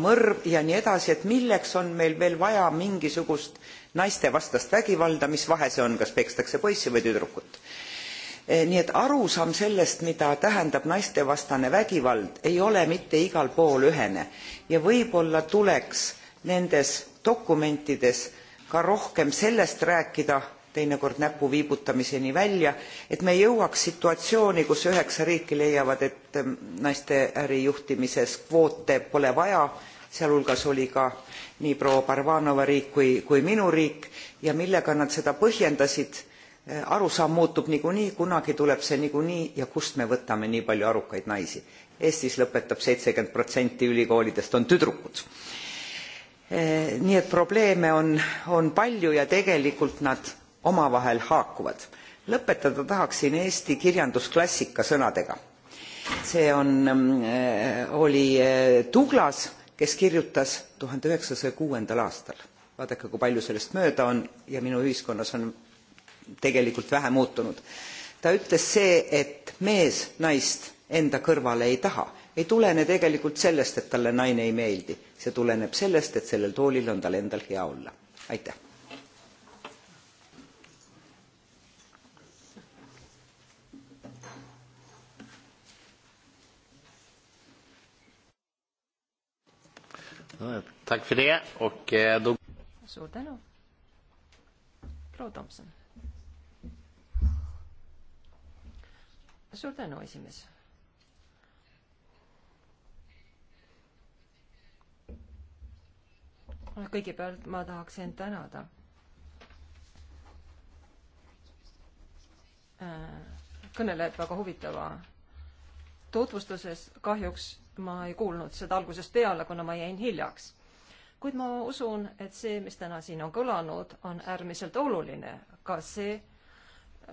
mõrv ja nii edasi et milleks on meil veel vaja mingisugust naistevastast vägivalda mis vahe see on kas pekstakse poissi või tüdrukut äh, nii et arusaam sellest mida tähendab naistevastane vägivald ei ole mitte igal pool ühene ja võib-olla tuleks nendes dokumentides ka rohkem sellest rääkida teinekord näpu viibutamiseni välja et me ei jõuaks situatsiooni kus üheksa riiki leiavad et ähm, naiste ärijuhtimises kvoote pole vaja sealhulgas oli ka nii proua parvanova riik kui kui minu riik ja millega nad seda põhjendasid äh, arusaam muutub niikuinii kunagi tuleb see niikuinii ja kust me võtame nii palju arukaid naisi eestis lõpetab seitsekümmend protsenti ülikoolidest on tüdrukud äh, nii et probleeme on on palju ja tegelikult nad omavahel haakuvad. lõpetada tahaksin eesti kirjandusklassika sõnadega. see on mm, äh, oli tuglas äh, kes kirjutas 1906 aastal vaadake kui palju sellest mööda on ja minu ühiskonnas on tegelikult vähe muutunud ta ütles see et mees naist enda kõrvale ei taha ei tulene tegelikult sellest et talle naine ei meeldi see tuleneb sellest et sellel toolil on tal endal hea olla aitäh Tack för det. Och eh, då... Suur tänu. proua Tomson. suur tänu, esimees. kõigepealt ma tahaksin tänada äh, kõneleb väga huvitava tutvustuses kahjuks ma ei kuulnud seda algusest peale, kuna ma jäin hiljaks. kuid ma usun, et see, mis täna siin on kõlanud, on äärmiselt oluline, ka see,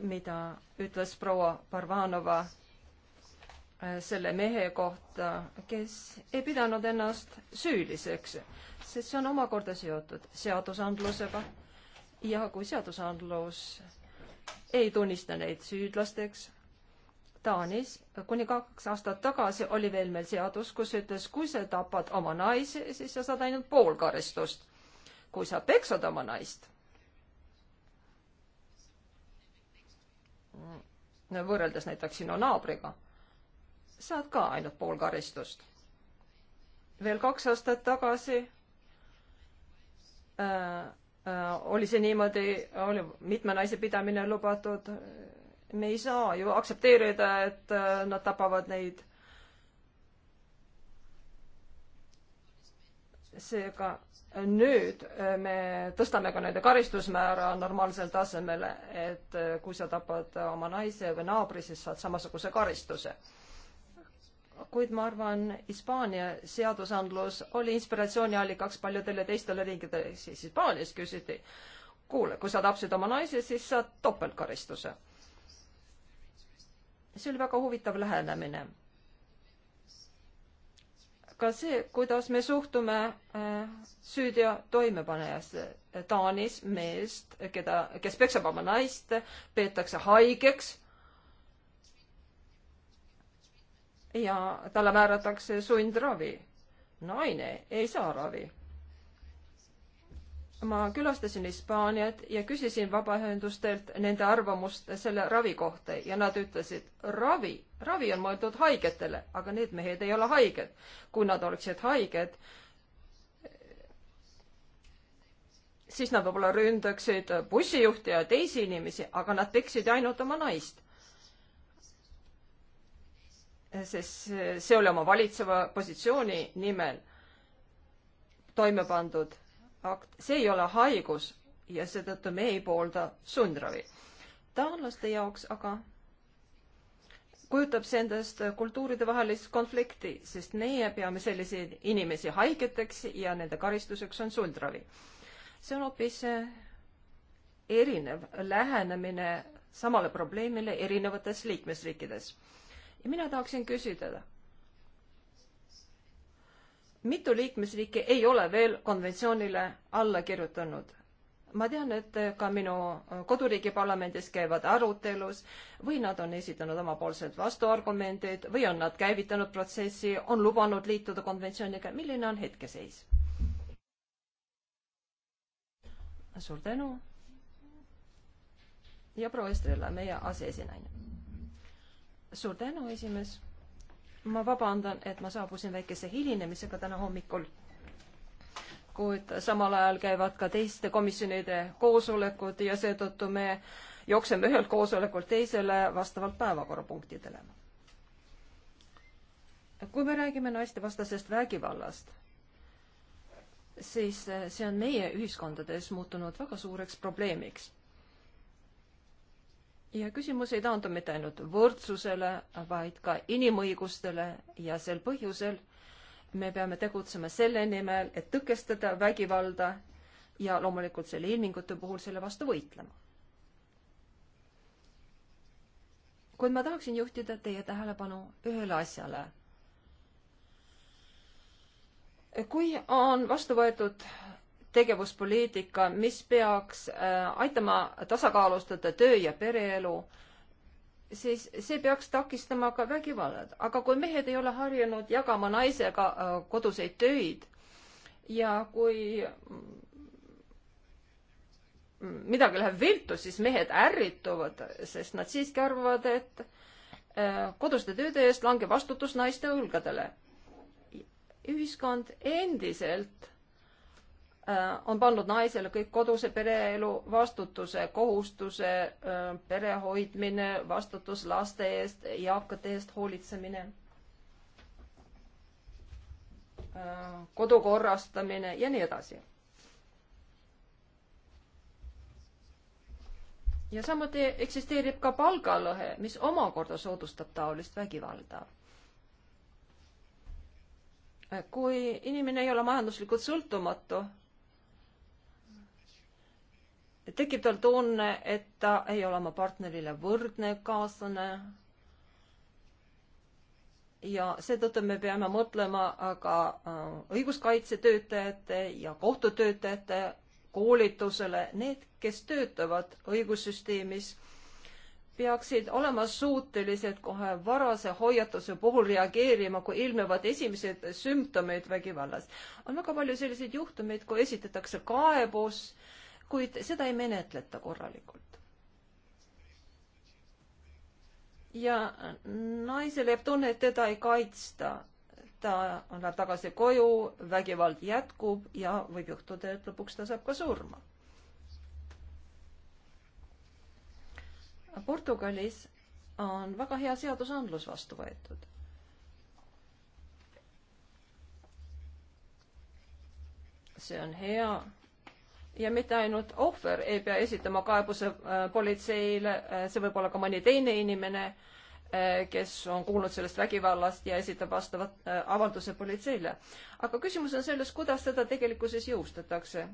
mida ütles proua Barbanova äh, selle mehe kohta, kes ei pidanud ennast süüliseks, sest see on omakorda seotud seadusandlusega ja kui seadusandlus ei tunnista neid süüdlasteks, Taanis kuni kaks aastat tagasi oli veel meil seadus, kus ütles, kui sa tapad oma naisi, siis sa saad ainult pool karistust. kui sa peksad oma naist, võrreldes näiteks sinu naabriga, saad ka ainult pool karistust. veel kaks aastat tagasi äh, äh, oli see niimoodi, oli mitme naise pidamine lubatud me ei saa ju aktsepteerida, et äh, nad tapavad neid. seega nüüd äh, me tõstame ka nende karistusmäära normaalsele tasemele, et äh, kui sa tapad oma naise või naabri, siis saad samasuguse karistuse. kuid ma arvan, Hispaania seadusandlus oli inspiratsiooniallikaks paljudele teistele riikidele, siis Hispaanias küsiti, kuule, kui sa tapsid oma naise, siis saad topeltkaristuse see oli väga huvitav lähenemine. ka see, kuidas me suhtume äh, süüteo toimepanijasse. Taanis meest, keda, kes peksab oma naist, peetakse haigeks. ja talle määratakse sundravi. naine ei saa ravi ma külastasin Hispaaniat ja küsisin vabaühendustelt nende arvamust selle ravi kohta ja nad ütlesid, ravi, ravi on mõeldud haigetele, aga need mehed ei ole haiged. kui nad oleksid haiged, siis nad võib-olla ründaksid bussijuhti ja teisi inimesi, aga nad peksid ainult oma naist. sest see oli oma valitseva positsiooni nimel toime pandud akt, see ei ole haigus ja seetõttu me ei poolda sundravi. taanlaste jaoks aga kujutab see endast kultuuridevahelist konflikti, sest meie peame selliseid inimesi haigeteks ja nende karistuseks on sundravi. see on hoopis eh, erinev lähenemine samale probleemile erinevates liikmesriikides. ja mina tahaksin küsida, mitu liikmesriiki ei ole veel konventsioonile alla kirjutanud. ma tean, et ka minu koduriigi parlamendis käivad arutelus või nad on esitanud omapoolsed vastuargumendid või on nad käivitanud protsessi, on lubanud liituda konventsiooniga. milline on hetkeseis? suur tänu. ja proua Estrela, meie aseesinaine. suur tänu, esimees ma vabandan, et ma saabusin väikese hilinemisega täna hommikul, kuid samal ajal käivad ka teiste komisjonide koosolekud ja seetõttu me jookseme ühelt koosolekult teisele vastavalt päevakorrapunktidele. kui me räägime naistevastasest vägivallast, siis see on meie ühiskondades muutunud väga suureks probleemiks ja küsimus ei taandu mitte ainult võrdsusele, vaid ka inimõigustele ja sel põhjusel me peame tegutsema selle nimel, et tõkestada vägivalda ja loomulikult selle ilmingute puhul selle vastu võitlema. kuid ma tahaksin juhtida teie tähelepanu ühele asjale. kui on vastu võetud tegevuspoliitika, mis peaks äh, aitama tasakaalustada töö ja pereelu, siis see peaks takistama ka vägivallad. aga kui mehed ei ole harjunud jagama naisega äh, koduseid töid ja kui midagi läheb viltu, siis mehed ärrituvad, sest nad siiski arvavad, et äh, koduste tööde eest langeb vastutus naiste õlgadele. ühiskond endiselt Äh, on pannud naisele kõik koduse pereelu vastutuse, kohustuse, äh, pere hoidmine, vastutus laste eest, eakate eest hoolitsemine, äh, kodu korrastamine ja nii edasi. ja samuti eksisteerib ka palgalõhe, mis omakorda soodustab taolist vägivalda kui inimene ei ole majanduslikult sõltumatu, tekib tal tunne, et ta ei ole oma partnerile võrdne kaaslane. ja seetõttu me peame mõtlema ka äh, õiguskaitsetöötajate ja kohtutöötajate koolitusele. Need, kes töötavad õigussüsteemis, peaksid olema suutelised kohe varase hoiatuse puhul reageerima, kui ilmnevad esimesed sümptomid vägivallast. on väga palju selliseid juhtumeid, kui esitatakse kaebus äh, kuid seda ei menetleta korralikult. ja naisel jääb tunne, et teda ei kaitsta. ta läheb tagasi koju, vägivald jätkub ja võib juhtuda, et lõpuks ta saab ka surma. Portugalis on väga hea seadusandlus vastu võetud see on hea ja mitte ainult ohver ei pea esitama kaebuse äh, politseile, äh, see võib olla ka mõni teine inimene, äh, kes on kuulnud sellest vägivallast ja esitab vastavat avalduse politseile. aga küsimus on selles, kuidas seda tegelikkuses jõustatakse.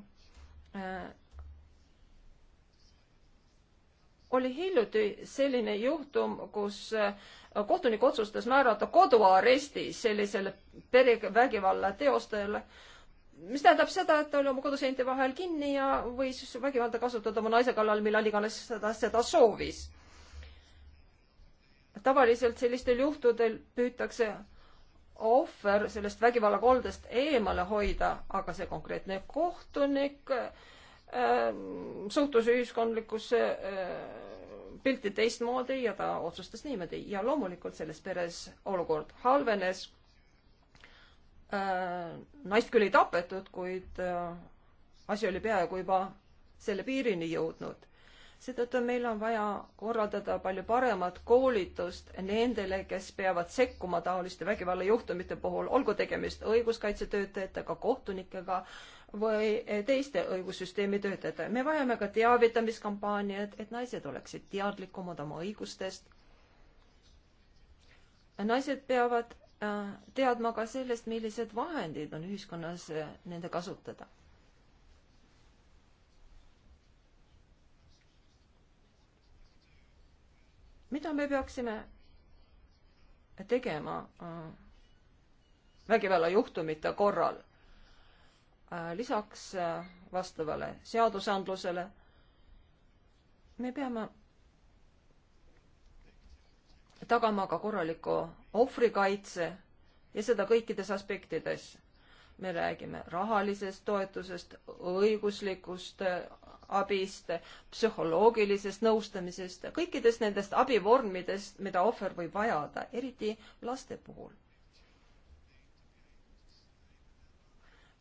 oli hiljuti selline juhtum, kus kohtunik otsustas määrata koduaresti sellisele pere vägivalla teostajale mis tähendab seda, et oli oma koduseinte vahel kinni ja võis vägivalda kasutada oma naise kallal, millal iganes ta seda soovis. tavaliselt sellistel juhtudel püütakse ohver sellest vägivallakoldest eemale hoida, aga see konkreetne kohtunik äh, suhtus ühiskondlikusse äh, pilti teistmoodi ja ta otsustas niimoodi ja loomulikult selles peres olukord halvenes Äh, naist küll ei tapetud, kuid äh, asi oli peaaegu juba selle piirini jõudnud. seetõttu meil on vaja korraldada palju paremat koolitust nendele, kes peavad sekkuma taoliste vägivallajuhtumite puhul, olgu tegemist õiguskaitsetöötajatega, kohtunikega või teiste õigussüsteemi töötajatega. me vajame ka teavitamiskampaaniat, et naised oleksid teadlikumad oma õigustest. naised peavad Äh, teadma ka sellest, millised vahendid on ühiskonnas äh, nende kasutada. mida me peaksime tegema äh, vägivallajuhtumite korral? lisaks vastavale seadusandlusele me peame tagama ka korraliku ohvrikaitse ja seda kõikides aspektides. me räägime rahalisest toetusest, õiguslikust äh, abist, psühholoogilisest nõustamisest, kõikidest nendest abivormidest, mida ohver võib vajada, eriti laste puhul.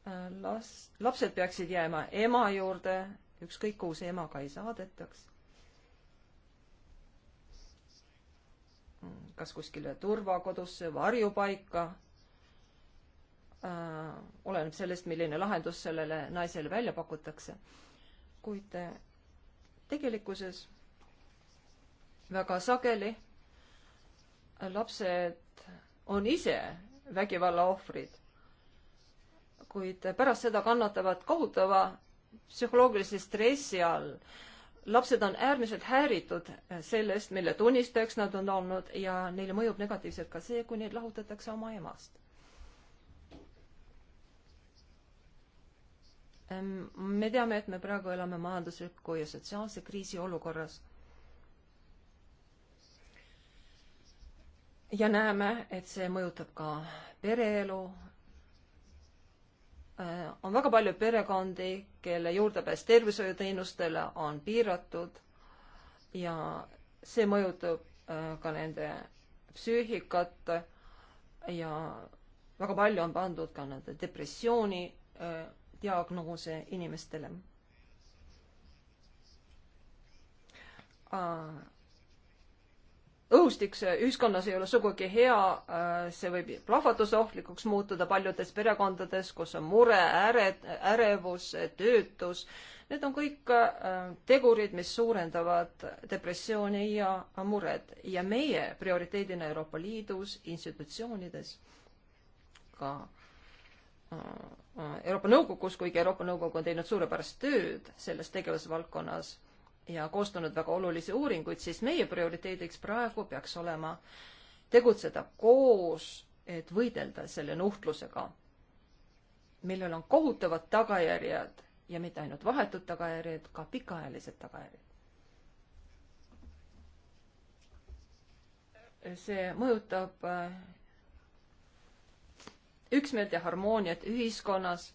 Äh, las, lapsed peaksid jääma ema juurde, ükskõik kuhu see ema ka ei saadetaks kas kuskile turvakodusse, varjupaika äh,. oleneb sellest, milline lahendus sellele naisele välja pakutakse. kuid äh, tegelikkuses väga sageli lapsed on ise vägivalla ohvrid, kuid pärast seda kannatavad kohutava psühholoogilise stressi all äh, lapsed on äärmiselt häiritud äh, sellest, mille tunnistajaks nad on olnud ja neile mõjub negatiivselt ka see, kui neid lahutatakse oma emast. Ehm, me teame, et me praegu elame majandusliku ja sotsiaalse kriisi olukorras. ja näeme, et see mõjutab ka pereelu Äh, on väga palju perekondi, kelle juurdepääs tervishoiuteenustele on piiratud ja see mõjutab äh, ka nende psüühikat ja väga palju on pandud ka nende depressiooni äh, diagnoose inimestele õhustik äh, ühiskonnas ei ole sugugi hea, äh, see võib plahvatusohtlikuks muutuda paljudes perekondades, kus on mure, äre, ärevus, töötus. Need on kõik äh, tegurid, mis suurendavad depressiooni ja mured ja meie prioriteedina Euroopa Liidus, institutsioonides, ka Euroopa Nõukogus, kuigi Euroopa Nõukogu on teinud suurepärast tööd selles tegevusvaldkonnas ja koostanud väga olulisi uuringuid, siis meie prioriteediks praegu peaks olema tegutseda koos, et võidelda selle nuhtlusega, millel on kohutavad tagajärjed ja mitte ainult vahetud tagajärjed, ka pikaajalised tagajärjed. see mõjutab äh, üksmeelt ja harmooniat ühiskonnas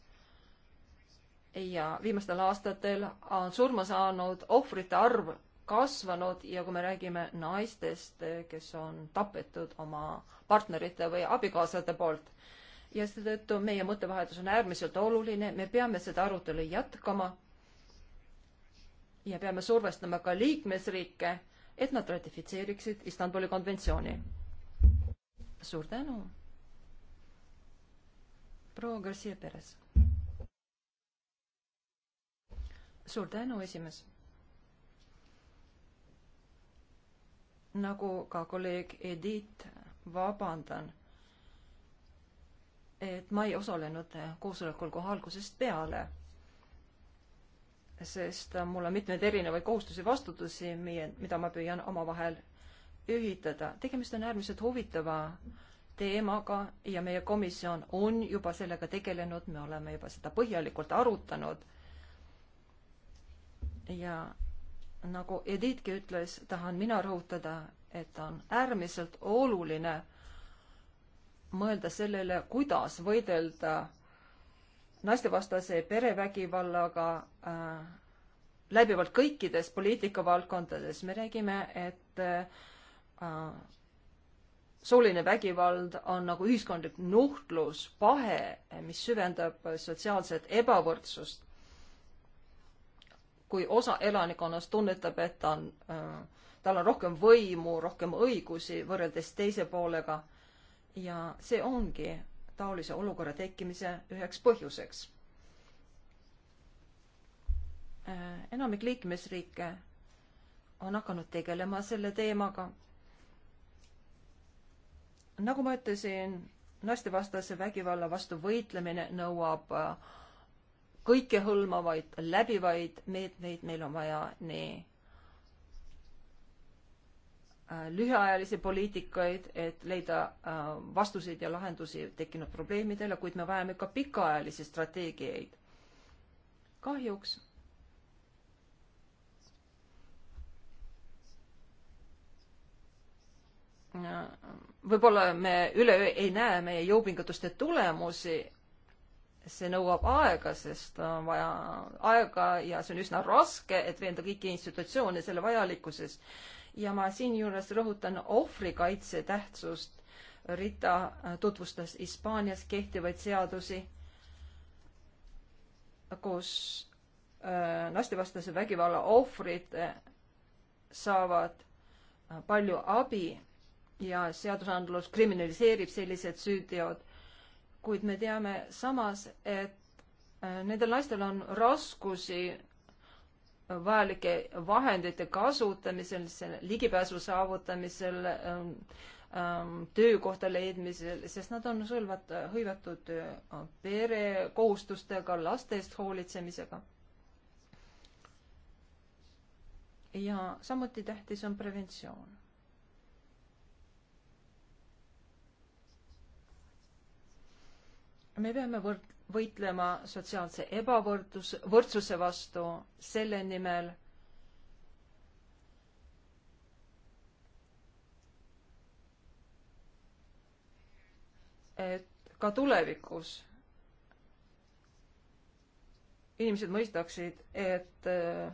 ja viimastel aastatel on surma saanud ohvrite arv kasvanud ja kui me räägime naistest, kes on tapetud oma partnerite või abikaasade poolt, ja seetõttu meie mõttevahetus on äärmiselt oluline, me peame seda arutelu jätkama ja peame survestama ka liikmesriike, et nad ratifitseeriksid Istanbuli konventsiooni. suur tänu. proua Garcia Perez suur tänu, esimees. nagu ka kolleeg Edith, vabandan, et ma ei osalenud koosolekul kohe algusest peale sest mul on mitmeid erinevaid kohustusi, vastutusi, mida ma püüan omavahel ühitada. tegemist on äärmiselt huvitava teemaga ja meie komisjon on juba sellega tegelenud, me oleme juba seda põhjalikult arutanud ja nagu Edithki ütles, tahan mina rõhutada, et on äärmiselt oluline mõelda sellele, kuidas võidelda naistevastase perevägivallaga äh, läbivalt kõikides poliitikavaldkondades. me räägime, et äh, sooline vägivald on nagu ühiskondlik nuhtlus, pahe, mis süvendab sotsiaalset ebavõrdsust kui osa elanikkonnast tunnetab, et ta on, äh, tal on rohkem võimu, rohkem õigusi võrreldes teise poolega. ja see ongi taolise olukorra tekkimise üheks põhjuseks. Äh, enamik liikmesriike on hakanud tegelema selle teemaga. nagu ma ütlesin, naistevastase vägivalla vastu võitlemine nõuab äh, kõikehõlmavaid, läbivaid meetmeid, meil on vaja nii äh, lühiajalisi poliitikaid, et leida äh, vastuseid ja lahendusi tekkinud probleemidele, kuid me vajame ka pikaajalisi strateegiaid. kahjuks äh, võib-olla me üleöö ei näe meie jõupingutuste tulemusi, see nõuab aega, sest on vaja aega ja see on üsna raske, et veenda kõiki institutsioone selle vajalikkuses. ja ma siinjuures rõhutan ohvrikaitse tähtsust. Rita tutvustas Hispaanias kehtivaid seadusi, kus äh, naistevastase vägivalla ohvrid äh, saavad äh, palju abi ja seadusandlus kriminaliseerib sellised süüteod kuid me teame samas, et äh, nendel naistel on raskusi vajalike vahendite kasutamisel, selle ligipääsu saavutamisel ähm,, ähm töökohta leidmisel, sest nad on sõlvat-, hõivatud äh, perekohustustega, laste eest hoolitsemisega. ja samuti tähtis on preventsioon me peame võrd-, võitlema sotsiaalse ebavõrdus, võrdsuse vastu selle nimel, et ka tulevikus inimesed mõistaksid, et äh,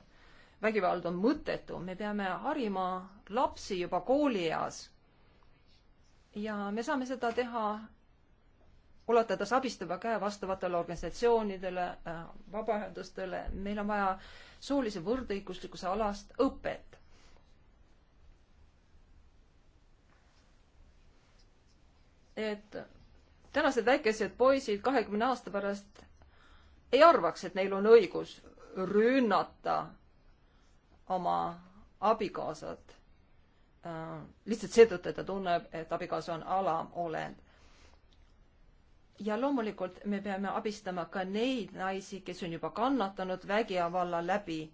vägivald on mõttetu, me peame harima lapsi juba koolieas. ja me saame seda teha ulatades abistava käe vastavatele organisatsioonidele, äh, vabaühendustele, meil on vaja soolise võrdõiguslikkuse alast õpet. et tänased väikesed poisid kahekümne aasta pärast ei arvaks, et neil on õigus rünnata oma abikaasat äh, lihtsalt seetõttu, et ta tunneb, et abikaasa on alamolend ja loomulikult me peame abistama ka neid naisi, kes on juba kannatanud vägivalla läbi.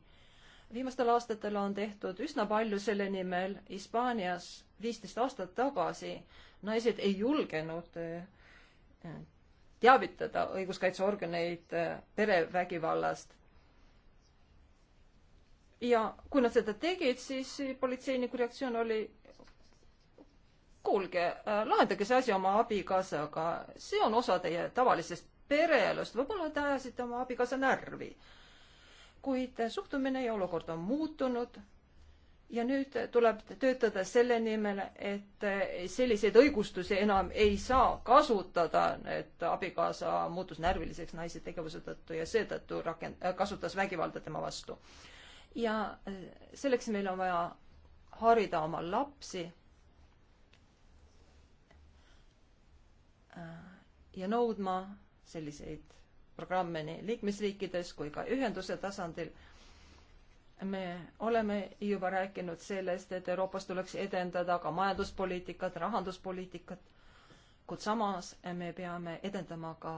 viimastel aastatel on tehtud üsna palju selle nimel. Hispaanias viisteist aastat tagasi naised ei julgenud eh, teavitada õiguskaitseorganeid eh, perevägivallast. ja kui nad seda tegid, siis politseiniku reaktsioon oli kuulge, äh, lahendage see asi oma abikaasaga, see on osa teie tavalisest pereelust, võib-olla te ajasite oma abikaasa närvi. kuid suhtumine ja olukord on muutunud ja nüüd tuleb töötada selle nimel, et selliseid õigustusi enam ei saa kasutada, et abikaasa muutus närviliseks naise tegevuse tõttu ja seetõttu rakend-, kasutas vägivalda tema vastu. ja äh, selleks meil on vaja harida oma lapsi ja nõudma selliseid programme nii liikmesriikides kui ka ühenduse tasandil. me oleme juba rääkinud sellest, et Euroopas tuleks edendada ka majanduspoliitikat, rahanduspoliitikat, kuid samas me peame edendama ka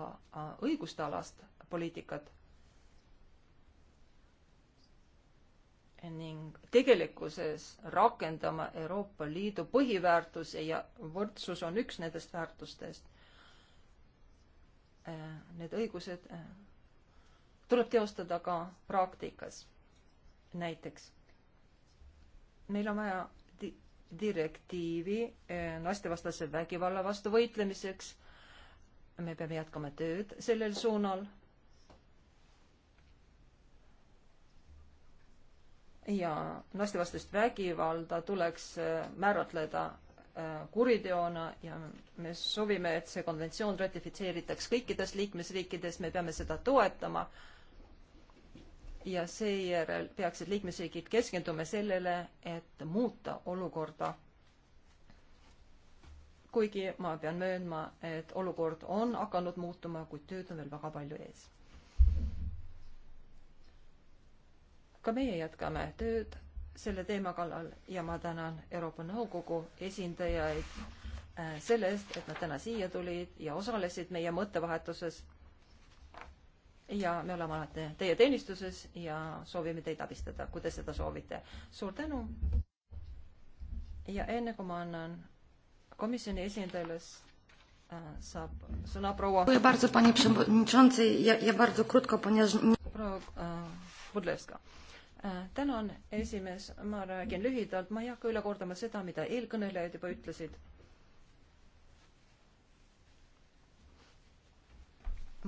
õiguste alast poliitikat ning tegelikkuses rakendama Euroopa Liidu põhiväärtusi ja võrdsus on üks nendest väärtustest. Äh, need õigused äh, tuleb teostada ka praktikas. näiteks meil on vaja di direktiivi lastevastase äh, vägivalla vastu võitlemiseks. me peame jätkama tööd sellel suunal. ja lastevastast vägivalda tuleks määratleda Äh, kuriteona ja me soovime, et see konventsioon ratifitseeritaks kõikides liikmesriikides, me peame seda toetama. ja seejärel peaksid liikmesriigid keskenduma sellele, et muuta olukorda. kuigi ma pean möönma, et olukord on hakanud muutuma, kuid tööd on veel väga palju ees. ka meie jätkame tööd selle teema kallal ja ma tänan Euroopa Nõukogu esindajaid äh, selle eest, et nad täna siia tulid ja osalesid meie mõttevahetuses. ja me oleme alati teie teenistuses ja soovime teid abistada, kui te seda soovite. suur tänu. ja enne kui ma annan komisjoni esindajale äh, saab sõna proua. proua Kudlevska äh, Äh, tänan, esimees, ma räägin lühidalt, ma ei hakka üle kordama seda, mida eelkõnelejad juba ütlesid.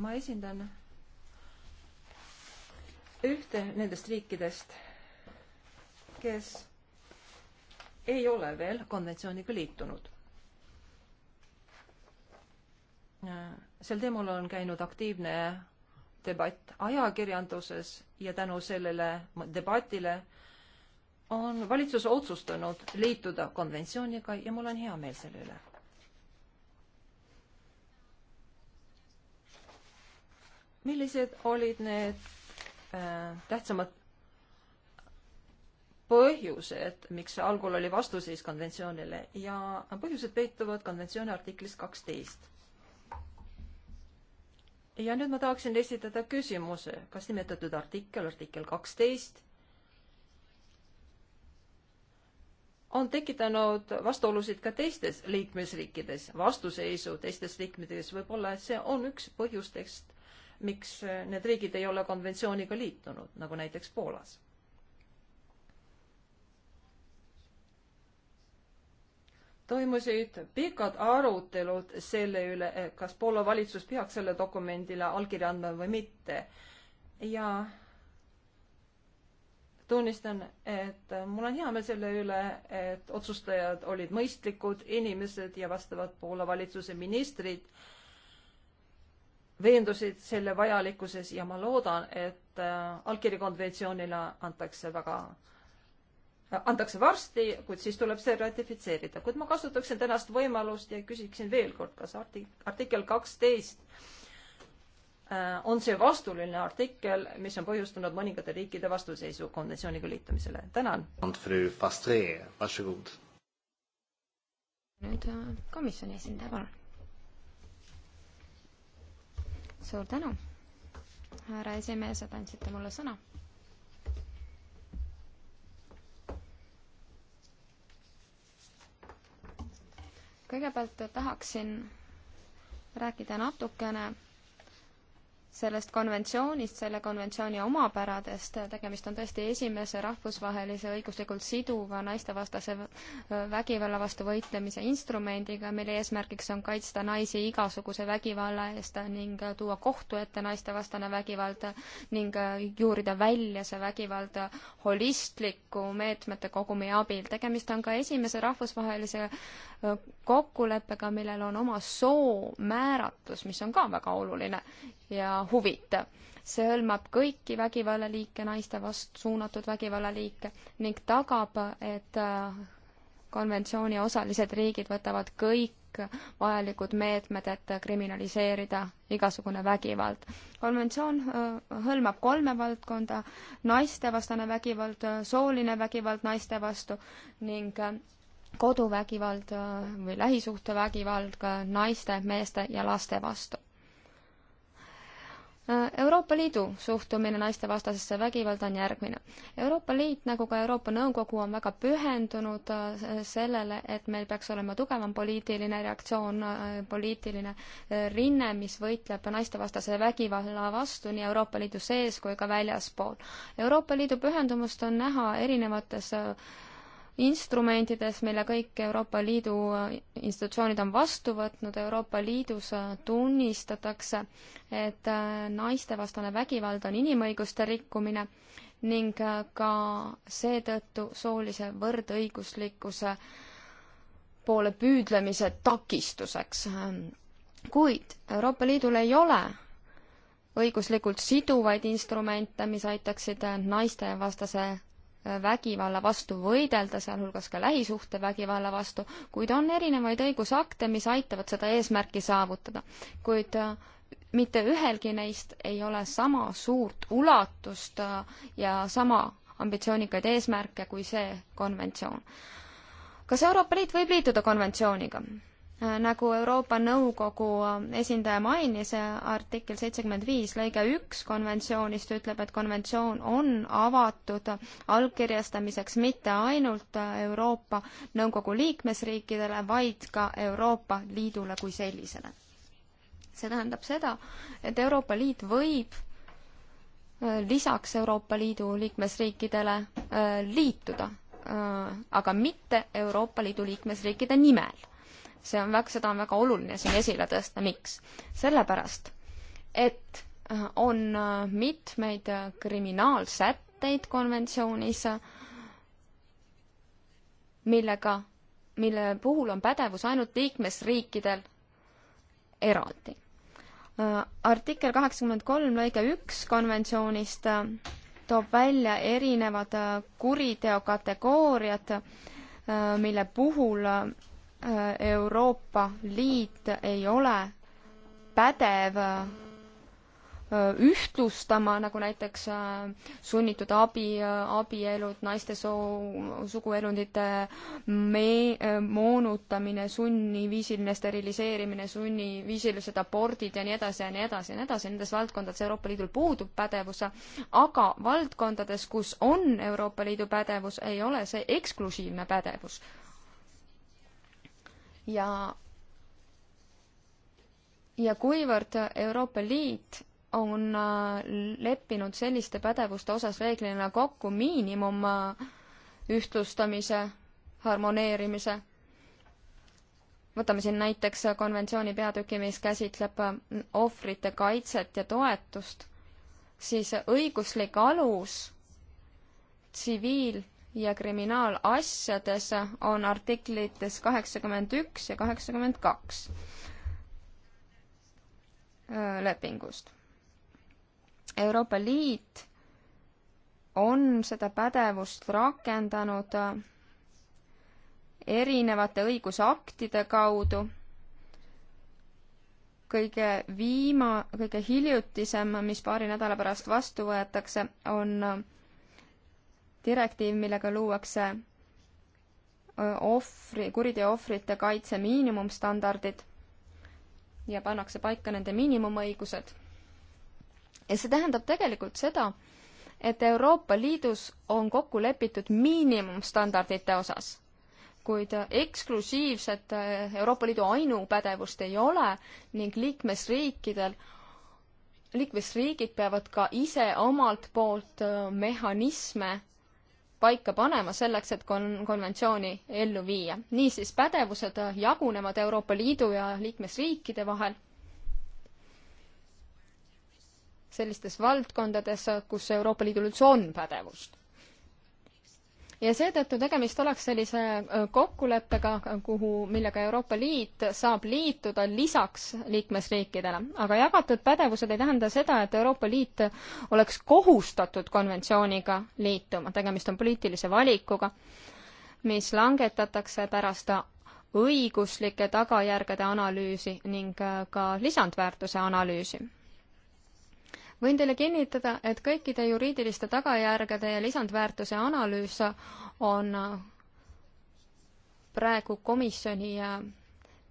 ma esindan ühte nendest riikidest, kes ei ole veel konventsiooniga liitunud. Äh, sel teemal on käinud aktiivne debatt ajakirjanduses ja tänu sellele debatile on valitsus otsustanud liituda konventsiooniga ja mul on hea meel selle üle. millised olid need äh, tähtsamad põhjused, miks algul oli vastuseis konventsioonile ja põhjused peituvad konventsiooni artiklis kaksteist ja nüüd ma tahaksin esitada küsimuse, kas nimetatud artikkel, artikkel kaksteist, on tekitanud vastuolusid ka teistes liikmesriikides, vastuseisu teistes liikmesriikides, võib-olla et see on üks põhjustest, miks need riigid ei ole konventsiooniga liitunud, nagu näiteks Poolas toimusid pikad arutelud selle üle, kas Poola valitsus peaks selle dokumendile allkirja andma või mitte. ja tunnistan, et mul on hea meel selle üle, et otsustajad olid mõistlikud inimesed ja vastavad Poola valitsuse ministrid veendusid selle vajalikkuses ja ma loodan, et allkiri konventsioonile antakse väga antakse varsti, kuid siis tuleb see ratifitseerida. kuid ma kasutaksin tänast võimalust ja küsiksin veel kord, kas artik-, artikkel kaksteist äh, on see vastuline artikkel, mis on põhjustanud mõningate riikide vastuseisu konventsiooniga liitumisele. tänan. nüüd äh, komisjoni esindaja, palun. suur tänu, härra esimees, et andsite mulle sõna kõigepealt tahaksin rääkida natukene sellest konventsioonist, selle konventsiooni omapäradest, tegemist on tõesti esimese rahvusvahelise õiguslikult siduva naistevastase vägivalla vastu võitlemise instrumendiga, mille eesmärgiks on kaitsta naisi igasuguse vägivalla eest ning tuua kohtu ette naistevastane vägivald ning juurida välja see vägivald holistliku meetmete kogumi abil. tegemist on ka esimese rahvusvahelise kokkuleppega, millel on oma soomääratlus, mis on ka väga oluline ja huvitav. see hõlmab kõiki vägivallaliike, naiste vastu suunatud vägivallaliike ning tagab, et äh, konventsiooni osalised riigid võtavad kõik kõik vajalikud meetmed, et kriminaliseerida igasugune vägivald. konventsioon äh, hõlmab kolme valdkonda, naistevastane vägivald, sooline vägivald naiste vastu ning äh, koduvägivald äh, või lähisuhtevägivald ka naiste, meeste ja laste vastu. Äh, Euroopa Liidu suhtumine naistevastasesse vägivalda on järgmine. Euroopa Liit, nagu ka Euroopa Nõukogu, on väga pühendunud äh, sellele, et meil peaks olema tugevam poliitiline reaktsioon, poliitiline rinne, mis võitleb naistevastase vägivalla vastu nii Euroopa Liidu sees kui ka väljaspool. Euroopa Liidu pühendumust on näha erinevates instrumentides, mille kõik Euroopa Liidu institutsioonid on vastu võtnud, Euroopa Liidus tunnistatakse, et äh, naistevastane vägivald on inimõiguste rikkumine ning äh, ka seetõttu soolise võrdõiguslikkuse poole püüdlemise takistuseks. kuid Euroopa Liidul ei ole õiguslikult siduvaid instrumente, mis aitaksid naistevastase vägivalla vastu võidelda, sealhulgas ka lähisuhtevägivalla vastu, kuid on erinevaid õigusakte, mis aitavad seda eesmärki saavutada. kuid äh, mitte ühelgi neist ei ole sama suurt ulatust äh, ja sama ambitsioonikaid eesmärke kui see konventsioon. kas Euroopa Liit võib liituda konventsiooniga? Äh, nagu Euroopa Nõukogu esindaja mainis, äh, artikkel seitsekümmend viis lõige üks konventsioonist ütleb, et konventsioon on avatud allkirjastamiseks mitte ainult äh, Euroopa Nõukogu liikmesriikidele, vaid ka Euroopa Liidule kui sellisele. see tähendab seda, et Euroopa Liit võib lisaks Euroopa Liidu liikmesriikidele liituda, aga mitte Euroopa Liidu liikmesriikide nimel see on väga, seda on väga oluline siin esile tõsta, miks? sellepärast, et äh, on äh, mitmeid äh, kriminaalsätteid konventsioonis, millega, mille puhul on pädevus ainult liikmesriikidel eraldi. artikkel kaheksakümmend kolm lõige üks konventsioonist toob välja erinevad kuriteokategooriad, mille puhul Äh, Euroopa Liit ei ole pädev äh, ühtlustama, nagu näiteks äh, sunnitud abi, abielud, naiste soo, suguelundite me-, moonutamine, sunniviisiline steriliseerimine, sunniviisilised abordid ja nii edasi ja nii edasi ja nii edasi, nendes valdkondades Euroopa Liidul puudub pädevus, aga valdkondades, kus on Euroopa Liidu pädevus, ei ole see eksklusiivne pädevus ja, ja kuivõrd Euroopa Liit on äh, leppinud selliste pädevuste osas reeglina kokku miinimum äh, ühtlustamise, harmoneerimise. võtame siin näiteks konventsiooni peatüki, mis käsitleb äh, ohvrite kaitset ja toetust, siis õiguslik alus tsiviil- ja kriminaalasjades on artiklites kaheksakümmend üks ja kaheksakümmend kaks lepingust. Euroopa Liit on seda pädevust rakendanud erinevate õigusaktide kaudu. kõige viima-, kõige hiljutisem, mis paari nädala pärast vastu võetakse, on direktiiv, millega luuakse ohvri, kuriteo ohvrite kaitse miinimumstandardid ja pannakse paika nende miinimumõigused. ja see tähendab tegelikult seda, et Euroopa Liidus on kokku lepitud miinimumstandardite osas, kuid eksklusiivset Euroopa Liidu ainupädevust ei ole ning liikmesriikidel, liikmesriigid peavad ka ise omalt poolt mehhanisme paika panema selleks, et kon-, konventsiooni ellu viia. niisiis, pädevused jagunevad Euroopa Liidu ja liikmesriikide vahel sellistes valdkondades, kus Euroopa Liidul üldse on pädevust ja seetõttu tegemist oleks sellise äh, kokkuleppega, kuhu, millega Euroopa Liit saab liituda lisaks liikmesriikidele. aga jagatud pädevused ei tähenda seda, et Euroopa Liit oleks kohustatud konventsiooniga liituma, tegemist on poliitilise valikuga, mis langetatakse pärast õiguslike tagajärgede analüüsi ning äh, ka lisandväärtuse analüüsi võin teile kinnitada, et kõikide juriidiliste tagajärgede ja lisandväärtuse analüüs on praegu komisjoni äh,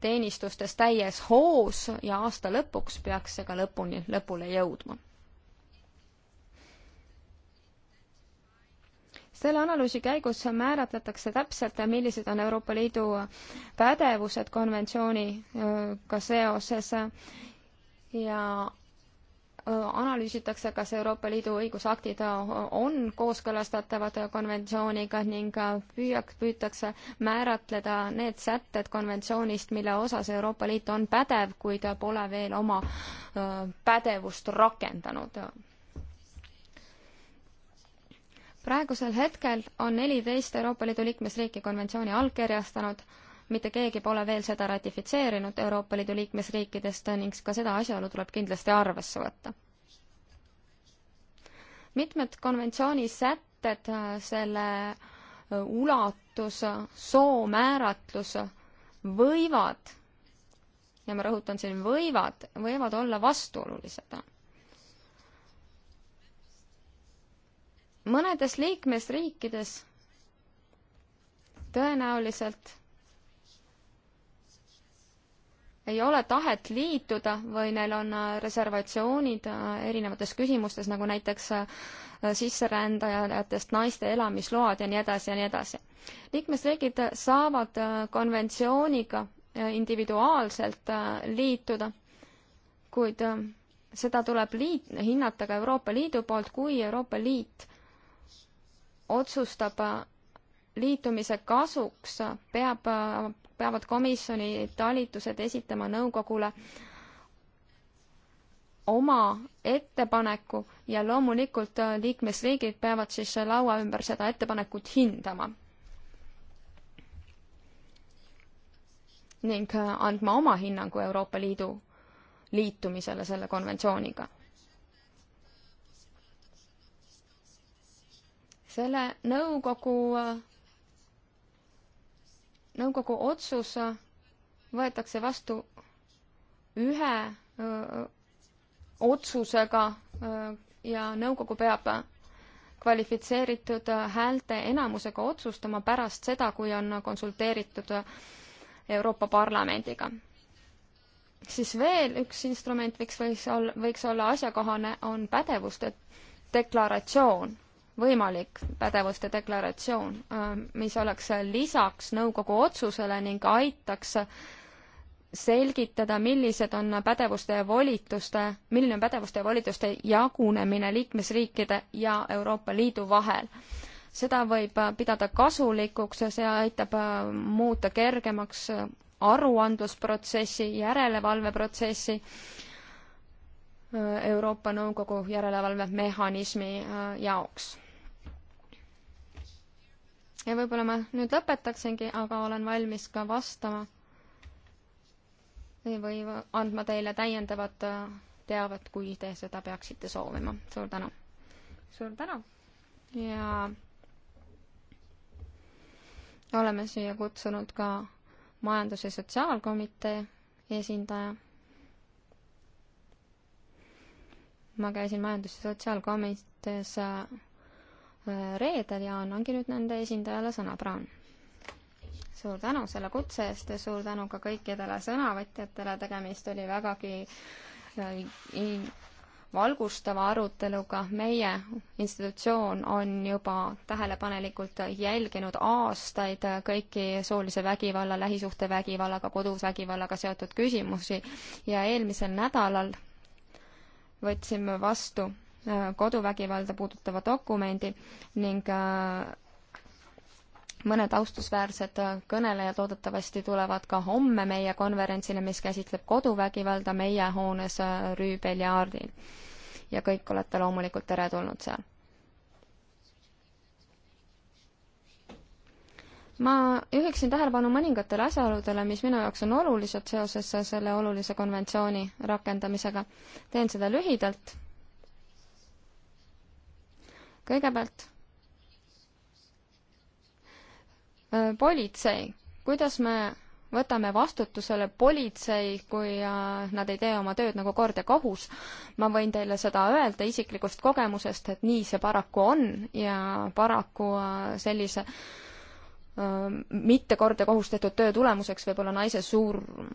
teenistustes täies hoos ja aasta lõpuks peaks see ka lõpuni, lõpule jõudma. selle analüüsi käigus määratletakse täpselt, millised on Euroopa Liidu pädevused konventsiooniga seoses ja analüüsitakse, kas Euroopa Liidu õigusaktid on kooskõlastatavad konventsiooniga ning püüaks, püütakse määratleda need sätted konventsioonist, mille osas Euroopa Liit on pädev, kuid pole veel oma pädevust rakendanud. praegusel hetkel on neliteist Euroopa Liidu liikmesriiki konventsiooni allkirjastanud mitte keegi pole veel seda ratifitseerinud Euroopa Liidu liikmesriikidest ning ka seda asjaolu tuleb kindlasti arvesse võtta. mitmed konventsiooni sätted, äh, selle äh, ulatus, soo määratlus võivad, ja ma rõhutan siin võivad, võivad olla vastuolulised mõnedes liikmesriikides tõenäoliselt ei ole tahet liituda või neil on äh, reservatsioonid äh, erinevates küsimustes, nagu näiteks äh, sisserändajatest naiste elamisload ja nii edasi ja nii edasi. liikmesriigid saavad konventsiooniga individuaalselt liituda, kuid seda tuleb liit, hinnata ka Euroopa Liidu poolt, kui Euroopa Liit otsustab liitumise kasuks peab, peavad komisjoni talitused esitama nõukogule oma ettepaneku ja loomulikult äh, liikmesriigid peavad siis laua ümber seda ettepanekut hindama. ning äh, andma oma hinnangu Euroopa Liidu liitumisele selle konventsiooniga. selle nõukogu äh, nõukogu otsus võetakse vastu ühe öö, otsusega öö, ja nõukogu peab kvalifitseeritud häälte enamusega otsustama pärast seda, kui on konsulteeritud Euroopa Parlamendiga. siis veel üks instrument, miks võiks olla, võiks olla asjakohane, on pädevuste deklaratsioon võimalik pädevuste deklaratsioon, mis oleks lisaks nõukogu otsusele ning aitaks selgitada, millised on pädevuste ja volituste, milline on pädevuste ja volituste jagunemine liikmesriikide ja Euroopa Liidu vahel. seda võib pidada kasulikuks ja see aitab muuta kergemaks aruandlusprotsessi, järelevalveprotsessi Euroopa Nõukogu järelevalvemehhanismi äh, jaoks ja võib-olla ma nüüd lõpetaksingi, aga olen valmis ka vastama või andma teile täiendavat äh, teavet, kui te seda peaksite soovima. suur tänu! suur tänu! ja oleme siia kutsunud ka majandus- ja sotsiaalkomitee esindaja. ma käisin majandus- ja sotsiaalkomitees äh, reedel ja annangi nüüd nende esindajale sõna, Bran. suur tänu selle kutse eest ja suur tänu ka kõikidele sõnavõtjatele, tegemist oli vägagi äh, valgustava aruteluga. meie institutsioon on juba tähelepanelikult jälginud aastaid kõiki soolise vägivalla, lähisuhtevägivallaga, kodus vägivallaga seotud küsimusi ja eelmisel nädalal võtsime vastu koduvägivalda puudutava dokumendi ning äh, mõned austusväärsed äh, kõnelejad loodetavasti tulevad ka homme meie konverentsile, mis käsitleb koduvägivalda meie hoones äh, Rüübeljaardil. ja kõik olete loomulikult teretulnud seal. ma juhiksin tähelepanu mõningatele asjaoludele, mis minu jaoks on olulised seoses selle olulise konventsiooni rakendamisega. teen seda lühidalt kõigepealt äh, politsei, kuidas me võtame vastutusele politsei, kui äh, nad ei tee oma tööd nagu kord ja kohus. ma võin teile seda öelda isiklikust kogemusest, et nii see paraku on ja paraku äh, sellise Ähm, mittekorda kohustatud töö tulemuseks võib olla naise surm.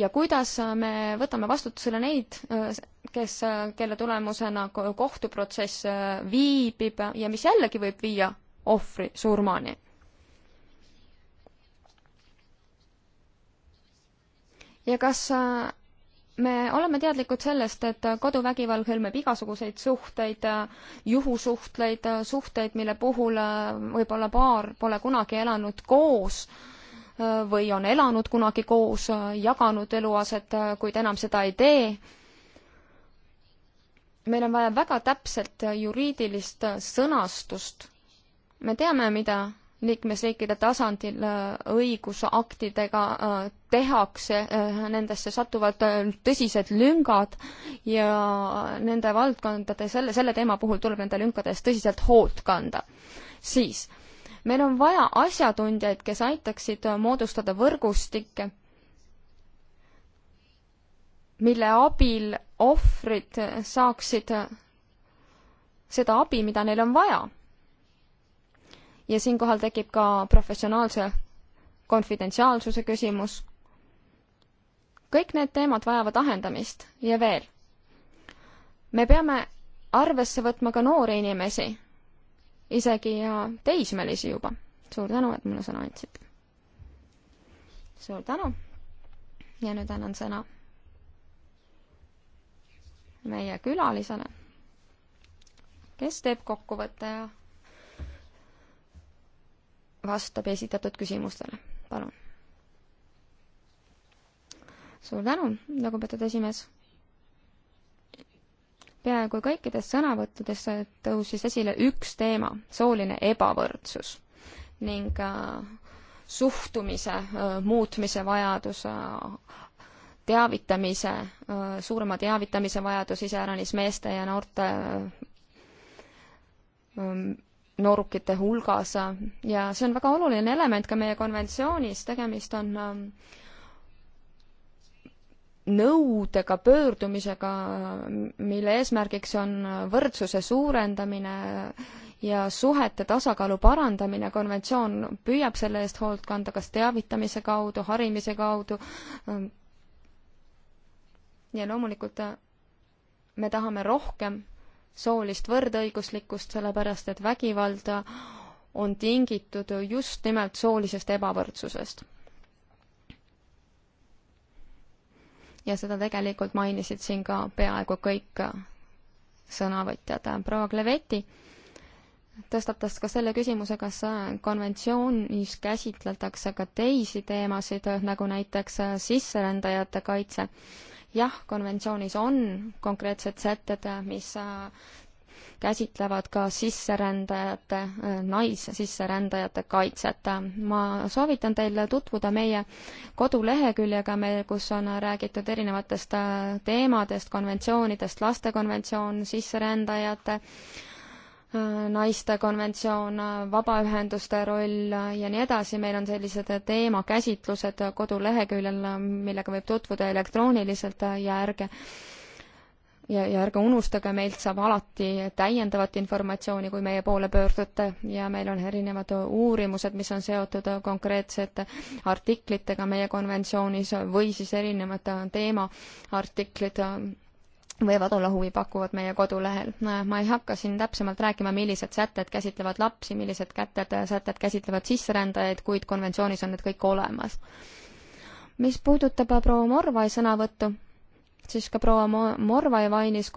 ja kuidas me võtame vastutusele neid, äh, kes, äh, kelle tulemusena kohtuprotsess äh, viibib ja mis jällegi võib viia ohvri surmani? ja kas me oleme teadlikud sellest, et koduvägivald hõlmab igasuguseid suhteid, juhusuhtleid, suhteid, mille puhul äh, võib-olla paar pole kunagi elanud koos äh, või on elanud kunagi koos, äh, jaganud eluaset, kuid enam seda ei tee. meil on vaja väga täpselt juriidilist sõnastust. me teame, mida liikmesriikide tasandil äh, õigusaktidega äh, tehakse, äh, nendesse satuvad tõsised lüngad ja nende valdkondade, selle, selle teema puhul tuleb nende lünkade eest tõsiselt hoolt kanda. siis, meil on vaja asjatundjaid, kes aitaksid moodustada võrgustikke, mille abil ohvrid saaksid seda abi, mida neil on vaja ja siinkohal tekib ka professionaalse konfidentsiaalsuse küsimus. kõik need teemad vajavad ahendamist ja veel. me peame arvesse võtma ka noori inimesi, isegi ja teismelisi juba. suur tänu, et mulle sõna andsite. suur tänu ja nüüd annan sõna meie külalisele, kes teeb kokkuvõtte ja vastab esitatud küsimustele. palun. suur tänu, lugupeetud esimees. peaaegu kõikides sõnavõttudes tõusis esile üks teema, sooline ebavõrdsus ning äh, suhtumise äh, muutmise vajadus, äh, teavitamise, suurema teavitamise vajadus iseäranis meeste ja noorte noorukite hulgas ja see on väga oluline element ka meie konventsioonis, tegemist on ähm, nõudega, pöördumisega, mille eesmärgiks on võrdsuse suurendamine ja suhete tasakaalu parandamine, konventsioon püüab selle eest hoolt kanda kas teavitamise kaudu, harimise kaudu ähm, ja loomulikult äh, me tahame rohkem soolist võrdõiguslikkust, sellepärast et vägivald on tingitud just nimelt soolisest ebavõrdsusest. ja seda tegelikult mainisid siin ka peaaegu kõik sõnavõtjad. proua Kleveti tõstatas ka selle küsimuse, kas konventsioonis käsitletakse ka teisi teemasid, nagu näiteks sisserändajate kaitse jah, konventsioonis on konkreetsed sätted, mis äh, käsitlevad ka sisserändajate, äh, naississerändajate kaitset. ma soovitan teil tutvuda meie koduleheküljega, me, kus on räägitud erinevatest äh, teemadest, konventsioonidest, lastekonventsioon, sisserändajate äh, naiste konventsioon, vabaühenduste roll ja nii edasi, meil on sellised teemakäsitlused koduleheküljel, millega võib tutvuda elektrooniliselt ja ärge ja, ja ärge unustage, meilt saab alati täiendavat informatsiooni, kui meie poole pöördute ja meil on erinevad uurimused, mis on seotud konkreetsete artiklitega meie konventsioonis või siis erinevad teemaartiklid võivad olla huvipakkuvad meie kodulehel. ma ei hakka siin täpsemalt rääkima, millised sätted käsitlevad lapsi, millised kätted, sätted käsitlevad sisserändajaid, kuid konventsioonis on need kõik olemas. mis puudutab proua Morvai sõnavõttu, siis ka proua Morvai mainis,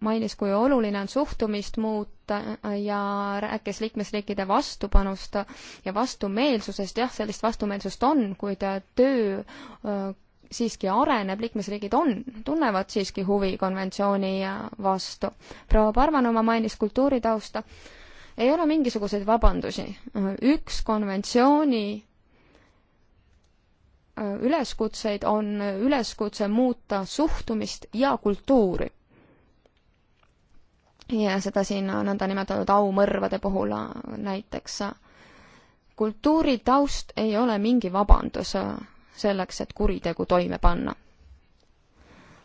mainis, kui oluline on suhtumist muuta ja rääkis liikmesriikide vastupanust ja vastumeelsusest, jah, sellist vastumeelsust on, kuid töö siiski areneb, liikmesriigid on, tunnevad siiski huvi konventsiooni vastu. proua Parvanova mainis kultuuritausta. ei ole mingisuguseid vabandusi. üks konventsiooni äh, üleskutseid on üleskutse muuta suhtumist ja kultuuri. ja seda siin nõndanimetatud aumõrvade puhul äh, näiteks. Äh, kultuuritaust ei ole mingi vabandus selleks, et kuritegu toime panna.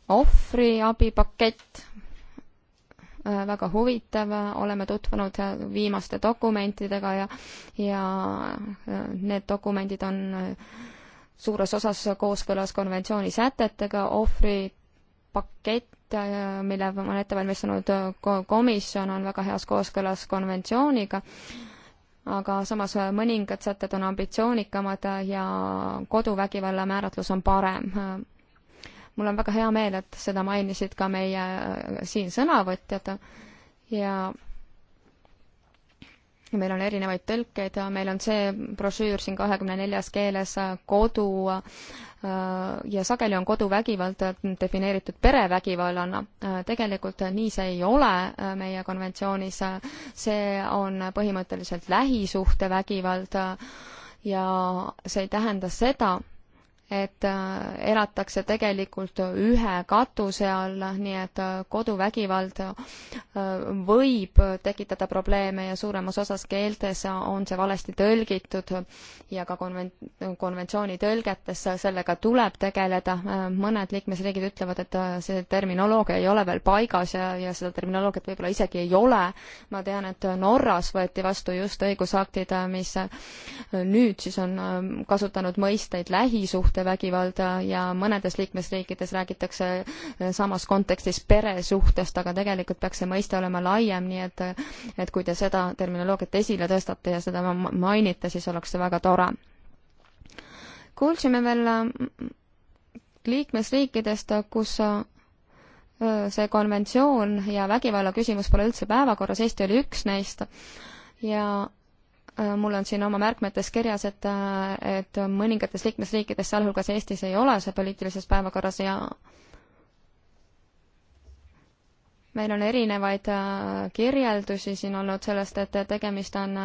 ohvriabipakett, äh, väga huvitav, oleme tutvunud viimaste dokumentidega ja, ja äh, need dokumendid on äh, suures osas kooskõlas konventsiooni sätetega, ohvripakett mille on ette valmistanud komisjon, on väga heas kooskõlas konventsiooniga aga samas mõningad sätted on ambitsioonikamad ja koduvägivalla määratlus on parem. mul on väga hea meel, et seda mainisid ka meie siin sõnavõtjad ja meil on erinevaid tõlkeid, meil on see brošüür siin kahekümne neljas keeles kodu äh, ja sageli on koduvägivald defineeritud perevägivallana. Äh, tegelikult nii see ei ole äh, meie konventsioonis, see on põhimõtteliselt lähisuhtevägivald ja see ei tähenda seda, et äh, elatakse tegelikult ühe katuse all, nii et äh, koduvägivald äh, võib tekitada probleeme ja suuremas osas keeltes on see valesti tõlgitud ja ka konven-, konventsiooni tõlgetes sellega tuleb tegeleda. mõned liikmesriigid ütlevad, et see terminoloogia ei ole veel paigas ja, ja seda terminoloogiat võib-olla isegi ei ole. ma tean, et Norras võeti vastu just õigusaktid, mis nüüd siis on kasutanud mõisteid lähisuhtes, naiste vägivalda ja mõnedes liikmesriikides räägitakse eh, samas kontekstis peresuhtest, aga tegelikult peaks see mõiste olema laiem, nii et et kui te seda terminoloogiat esile tõstate ja seda mainite, siis oleks see väga tore. kuulsime veel mm, liikmesriikidest, kus eh, see konventsioon ja vägivalla küsimus pole üldse päevakorras, Eesti oli üks neist ja Äh, mul on siin oma märkmetes kirjas, et, äh, et mõningates liikmesriikides, sealhulgas Eestis, ei ole see poliitilises päevakorras ja meil on erinevaid äh, kirjeldusi siin olnud sellest, et tegemist on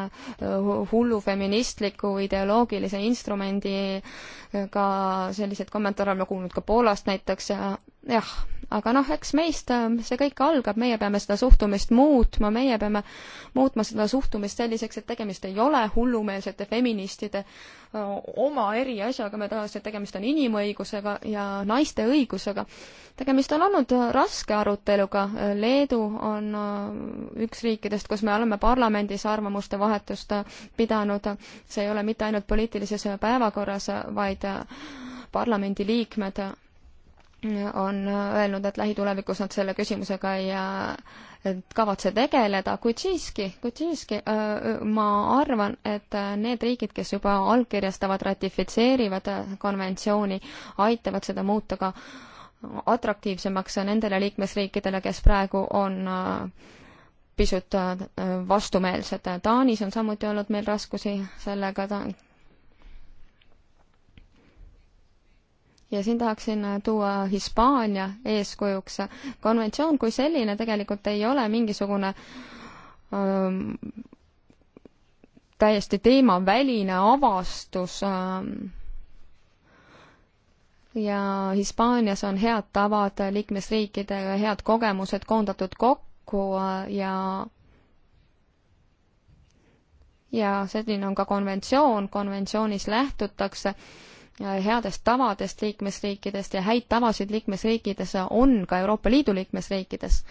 hullufeministliku ideoloogilise instrumendiga, selliseid kommentaare oleme kuulnud ka Poolast näiteks ja jah, aga noh, eks meist äh, see kõik algab, meie peame seda suhtumist muutma, meie peame muutma seda suhtumist selliseks, et tegemist ei ole hullumeelsete feministide äh, oma eriasjaga, me tahame, et tegemist on inimõigusega ja naiste õigusega. tegemist on olnud äh, raske aruteluga, Leedu on üks riikidest, kus me oleme parlamendis arvamuste vahetust pidanud, see ei ole mitte ainult poliitilises päevakorras, vaid parlamendiliikmed on öelnud, et lähitulevikus nad selle küsimusega ei äh, kavatse tegeleda, kuid siiski, kuid siiski äh, ma arvan, et need riigid, kes juba allkirjastavad, ratifitseerivad konventsiooni, aitavad seda muuta ka atraktiivsemaks nendele liikmesriikidele, kes praegu on äh, pisut vastumeelsed. Taanis on samuti olnud meil raskusi sellega, ja siin tahaksin äh, tuua Hispaania eeskujuks. konventsioon kui selline tegelikult ei ole mingisugune ähm, täiesti teemaväline avastus ähm, ja Hispaanias on head tavad liikmesriikidega, head kogemused koondatud kokku äh, ja ja selline on ka konventsioon, konventsioonis lähtutakse äh, headest tavadest liikmesriikidest ja häid tavasid liikmesriikides on ka Euroopa Liidu liikmesriikides.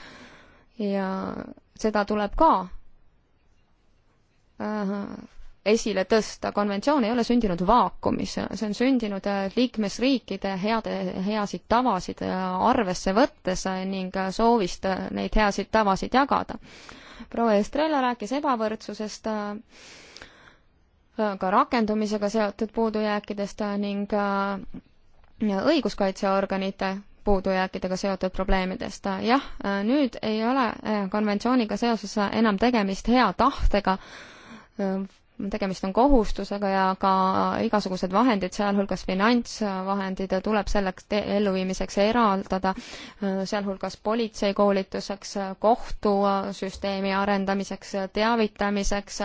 ja seda tuleb ka äh, esile tõsta, konventsioon ei ole sündinud vaakumis, see on sündinud äh, liikmesriikide heade, heasid tavasid äh, arvesse võttes ning soovist neid heasid tavasid jagada. proua Estrella rääkis ebavõrdsusest äh, Äh, ka rakendumisega seotud puudujääkidest äh, ning äh, õiguskaitseorganite puudujääkidega seotud probleemidest. jah, nüüd ei ole konventsiooniga seoses enam tegemist hea tahtega tegemist on kohustusega ja ka igasugused vahendid, sealhulgas finantsvahendid, tuleb selleks elluviimiseks eraldada, sealhulgas politseikoolituseks, kohtusüsteemi arendamiseks, teavitamiseks,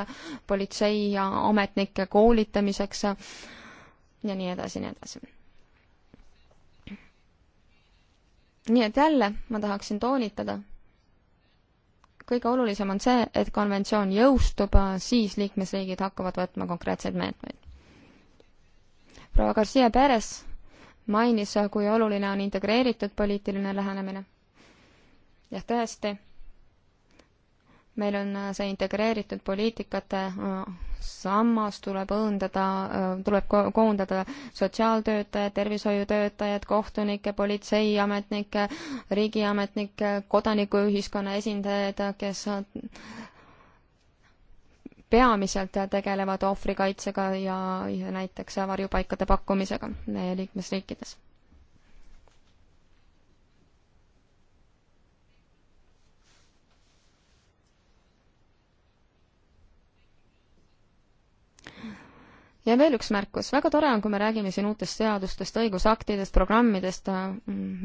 politsei ja ametnike koolitamiseks ja nii edasi, nii edasi. nii et jälle ma tahaksin toonitada kõige olulisem on see, et konventsioon jõustub, siis liikmesriigid hakkavad võtma konkreetseid meetmeid. proua Garcia Perez mainis, kui oluline on integreeritud poliitiline lähenemine. jah, tõesti meil on äh, see integreeritud poliitikate äh, sammas, tuleb õõndada, äh, tuleb ko koondada sotsiaaltöötajad, tervishoiutöötajad, kohtunikke, politseiametnikke, riigiametnikke, kodanikuühiskonna esindajaid, kes peamiselt tegelevad ohvrikaitsega ja, ja näiteks varjupaikade pakkumisega meie liikmesriikides ja veel üks märkus, väga tore on, kui me räägime siin uutest seadustest, õigusaktidest, programmidest, äh,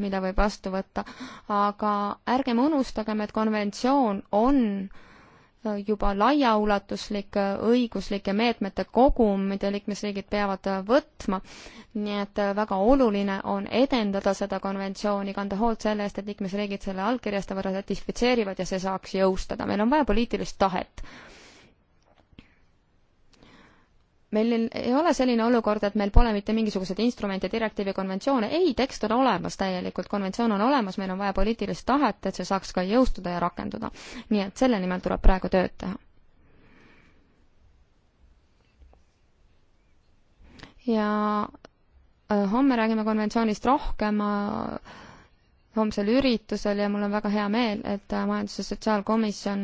mida võib vastu võtta, aga ärgem unustagem, et konventsioon on äh, juba laiaulatuslik äh, õiguslike meetmete kogum, mida liikmesriigid peavad võtma. nii et väga oluline on edendada seda konventsiooni, kanda hoolt selle eest, et liikmesriigid selle allkirjastavad, ratifitseerivad ja see saaks jõustada. meil on vaja poliitilist tahet meil ei ole selline olukord, et meil pole mitte mingisuguseid instrumente, direktiivi, konventsioone, ei, tekst on olemas täielikult, konventsioon on olemas, meil on vaja poliitilist tahet, et see saaks ka jõustuda ja rakenduda. nii et selle nimel tuleb praegu tööd teha. ja äh, homme räägime konventsioonist rohkem äh, homsel üritusel ja mul on väga hea meel, et äh, Majandus- ja Sotsiaalkomisjon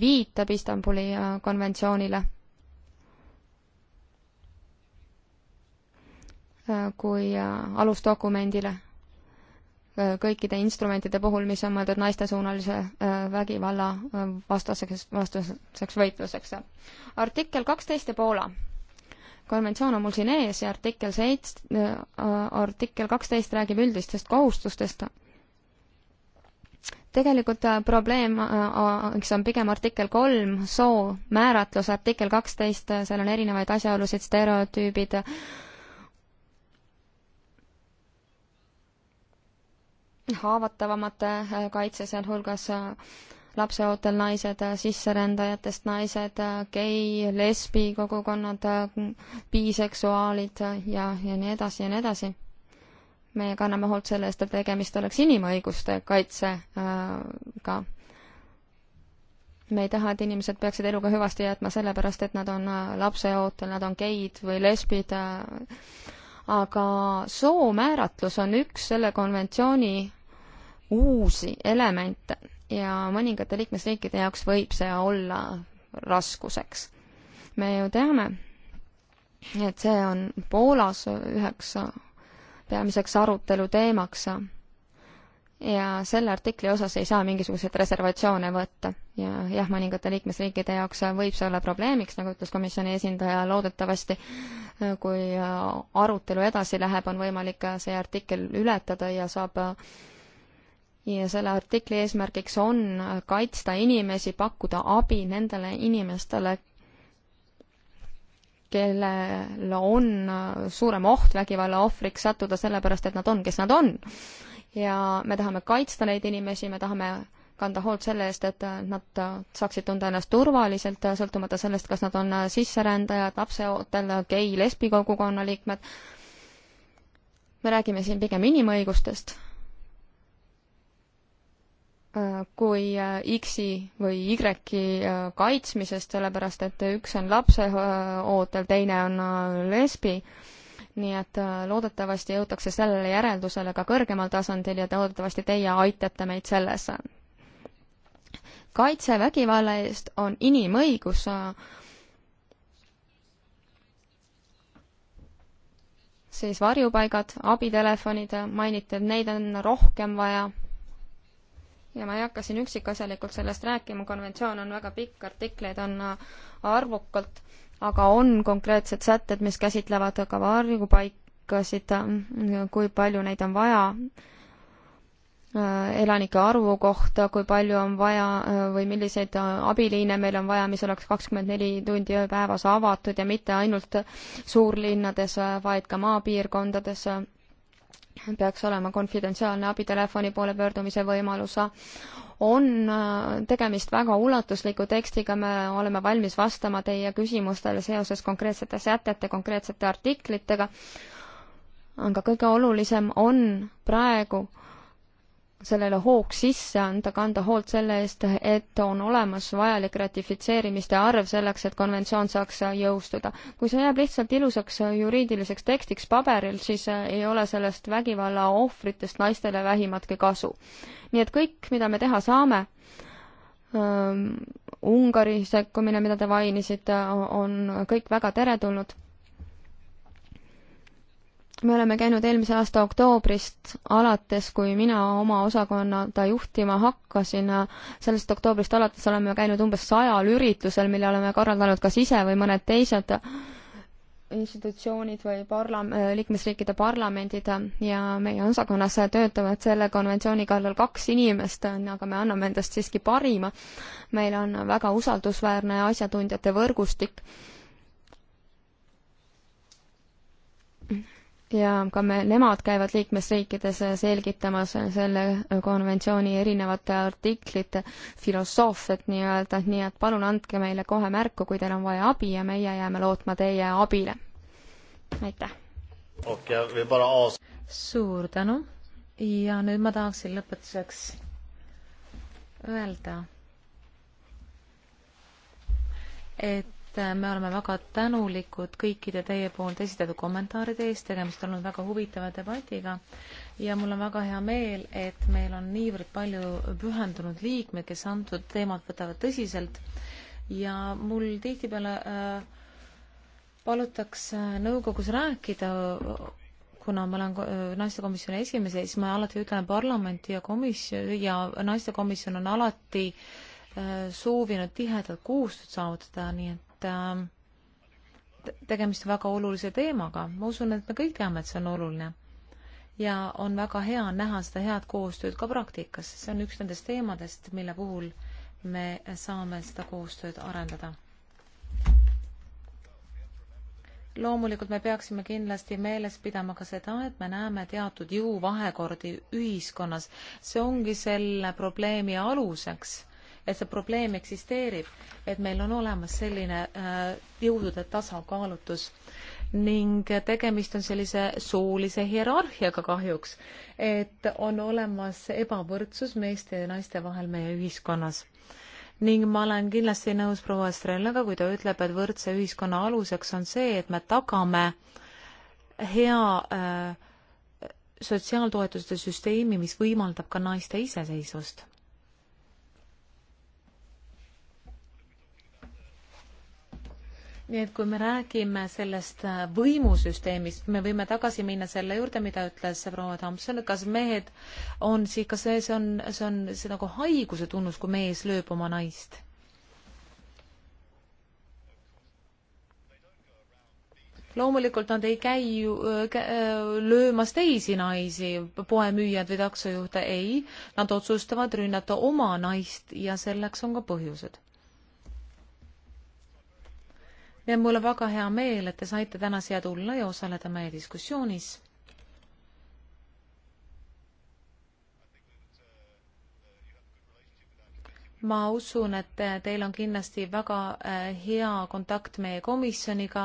viitab Istanbuli konventsioonile kui äh, alusdokumendile äh, kõikide instrumentide puhul, mis on mõeldud naistesuunalise äh, vägivalla vastaseks, vastaseks võitluseks. artikkel kaksteist ja Poola. konventsioon on mul siin ees ja artikkel seits-, artikkel kaksteist räägib üldistest kohustustest. tegelikult probleem, eks on pigem artikkel kolm, soo määratlus, artikkel kaksteist, seal on erinevaid asjaolusid, stereotüübid, haavatavamate äh, kaitse, sealhulgas äh, lapseootel naised, äh, sisserändajatest naised, gei, lesbi kogukonnad, biseksuaalid ja, ja nii edasi ja nii edasi. me kanname hoolt selle eest, et tegemist oleks inimõiguste kaitsega. me ei taha, et inimesed peaksid eluga hüvasti jätma sellepärast, et nad on lapseootel, nad on geid või lesbid, aga soomääratlus on üks selle konventsiooni uusi elemente ja mõningate liikmesriikide jaoks võib see olla raskuseks. me ju teame, et see on Poolas üheks peamiseks arutelu teemaks ja selle artikli osas ei saa mingisuguseid reservatsioone võtta. ja jah, mõningate liikmesriikide jaoks võib see olla probleemiks, nagu ütles komisjoni esindaja, loodetavasti kui arutelu edasi läheb, on võimalik see artikkel ületada ja saab ja selle artikli eesmärgiks on kaitsta inimesi, pakkuda abi nendele inimestele, kellel on suurem oht vägivalla ohvriks sattuda, sellepärast et nad on, kes nad on. ja me tahame kaitsta neid inimesi, me tahame kanda hoolt selle eest, et nad saaksid tunda ennast turvaliselt, sõltumata sellest, kas nad on sisserändajad, lapseootel, gei, lesbikogukonna liikmed. me räägime siin pigem inimõigustest kui äh, X-i või Y-i äh, kaitsmisest, sellepärast et üks on lapseootel, äh, teine on lesbi. nii et loodetavasti jõutakse sellele järeldusele ka kõrgemal tasandil ja loodetavasti teie aitate meid selles. kaitse vägivalla eest on inimõigus. siis varjupaigad, abitelefonid, mainiti, et neid on rohkem vaja ja ma ei hakka siin üksikasjalikult sellest rääkima, konventsioon on väga pikk, artikleid on äh, arvukalt, aga on konkreetsed sätted, mis käsitlevad ka varjupaikasid, äh, kui palju neid on vaja, äh, elanike arvu kohta, kui palju on vaja või milliseid abiliine meil on vaja, mis oleks kakskümmend neli tundi ööpäevas avatud ja mitte ainult suurlinnades, vaid ka maapiirkondades peaks olema konfidentsiaalne abitelefoni poole pöördumise võimalus, on äh, tegemist väga ulatusliku tekstiga, me oleme valmis vastama teie küsimustele seoses konkreetsete sätete, konkreetsete artiklitega, aga kõige olulisem on praegu äh, sellele hoog sisse anda, kanda hoolt selle eest, et on olemas vajalik ratifitseerimiste arv selleks, et konventsioon saaks jõustuda. kui see jääb lihtsalt ilusaks juriidiliseks tekstiks paberil, siis ei ole sellest vägivalla ohvritest naistele vähimatki kasu. nii et kõik, mida me teha saame, ähm, Ungari sekkumine, mida te mainisite, on kõik väga teretulnud me oleme käinud eelmise aasta oktoobrist alates, kui mina oma osakonda juhtima hakkasin, sellest oktoobrist alates oleme käinud umbes sajal üritusel, mille oleme korraldanud kas ise või mõned teised institutsioonid või parla-, liikmesriikide parlamendid ja meie osakonnas töötavad selle konventsiooni kallal kaks inimest, aga me anname endast siiski parima. meil on väga usaldusväärne asjatundjate võrgustik ja ka me, nemad käivad liikmesriikides selgitamas selle konventsiooni erinevate artiklite filosoofiat nii-öelda, nii et palun andke meile kohe märku, kui teil on vaja abi ja meie jääme lootma teie abile. aitäh! suur tänu ja nüüd ma tahaksin lõpetuseks öelda, et et me oleme väga tänulikud kõikide teie poolt esitatud kommentaaride eest, tegemist on olnud väga huvitava debatiga ja mul on väga hea meel, et meil on niivõrd palju pühendunud liikmeid, kes antud teemat võtavad tõsiselt ja mul tihtipeale äh, palutakse nõukogus rääkida, kuna ma olen äh, naistekomisjoni esimees ja siis ma alati ütlen, parlamenti ja komisjon ja naistekomisjon on alati äh, soovinud tihedat koostööd saavutada, nii et et äh, tegemist on väga olulise teemaga. ma usun, et me kõik teame, et see on oluline. ja on väga hea näha seda head koostööd ka praktikas, see on üks nendest teemadest, mille puhul me saame seda koostööd arendada loomulikult me peaksime kindlasti meeles pidama ka seda, et me näeme teatud jõuvahekordi ühiskonnas. see ongi selle probleemi aluseks et see probleem eksisteerib, et meil on olemas selline äh, jõudude tasakaalutus ning tegemist on sellise soolise hierarhiaga kahjuks, et on olemas ebavõrdsus meeste ja naiste vahel meie ühiskonnas ning ma olen kindlasti nõus proua Estrellaga, kui ta ütleb, et võrdse ühiskonna aluseks on see, et me tagame hea äh, sotsiaaltoetuste süsteemi, mis võimaldab ka naiste iseseisvust. nii et kui me räägime sellest äh, võimusüsteemist, me võime tagasi minna selle juurde, mida ütles proua Tomson, kas mehed on siis, kas see, see on, see on see nagu haiguse tunnus, kui mees lööb oma naist? loomulikult nad ei käi ju äh, äh, löömas teisi naisi, poemüüjad või taksojuhte, ei, nad otsustavad rünnata oma naist ja selleks on ka põhjused ja mul on väga hea meel, et te saite täna siia tulla ja osaleda meie diskussioonis. ma usun, et teil on kindlasti väga äh, hea kontakt meie komisjoniga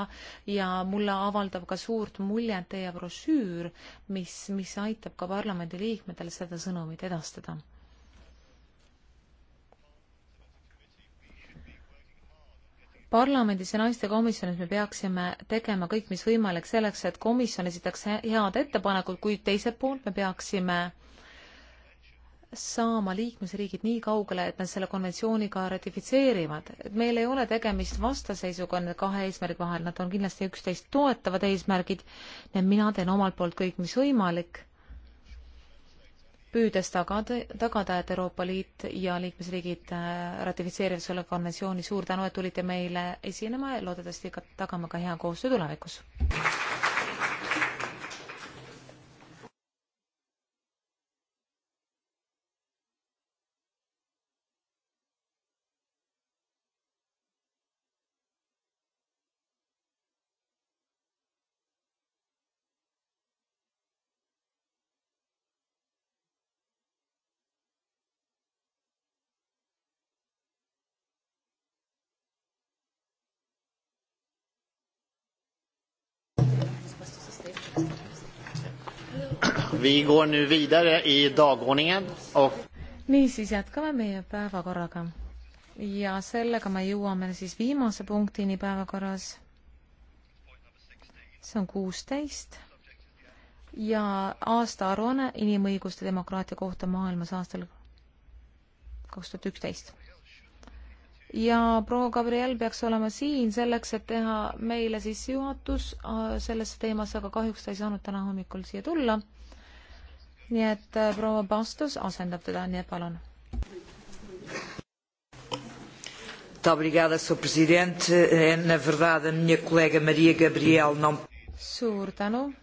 ja mulle avaldab ka suurt muljet teie brošüür, mis, mis aitab ka parlamendiliikmetel seda sõnumit edastada parlamendis ja naistekomisjonis me peaksime tegema kõik, mis võimalik selleks, et komisjon esitaks head ettepanekud, kuid teiselt poolt me peaksime saama liikmesriigid nii kaugele, et nad selle konventsiooni ka ratifitseerivad. et meil ei ole tegemist vastaseisuga nende kahe eesmärgi vahel, nad on kindlasti üksteist toetavad eesmärgid ja mina teen omalt poolt kõik, mis võimalik püüdes tagada, tagada, et Euroopa Liit ja liikmesriigid äh, ratifitseerivad selle konventsiooni. suur tänu, et tulite meile esinema ja loodetavasti ka tagama ka hea koostöö tulevikus. Vi går nu vidare i dagordningen och... niisiis jätkame meie päevakorraga ja sellega me jõuame siis viimase punktini päevakorras. see on kuusteist ja aastaaruanne inimõiguste demokraatia kohta maailmas aastal kaks tuhat üksteist. ja proua Gabriel peaks olema siin selleks, et teha meile siis juhatus äh, sellesse teemasse, aga kahjuks ta ei saanud täna hommikul siia tulla nii et äh, proua Bastos asendab teda, nii et palun. Eh, suur tänu.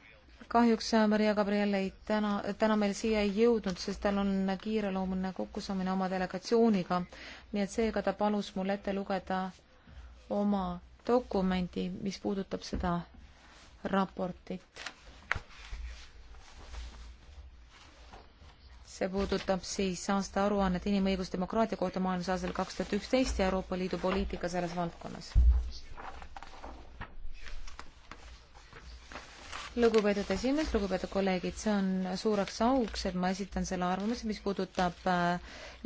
kahjuks äh, Maria Gabriel ei täna, täna meil siia ei jõudnud, sest tal on kiireloomuline kokkusaamine oma delegatsiooniga. nii et seega ta palus mul ette lugeda oma dokumendi, mis puudutab seda raportit see puudutab siis aastaaruannet inimõigus demokraatia kohta maailmas aastal kaks tuhat üksteist ja Euroopa Liidu poliitika selles valdkonnas. lugupeetud esimees, lugupeetud kolleegid, see on suureks auks, et ma esitan selle arvamuse, mis puudutab äh,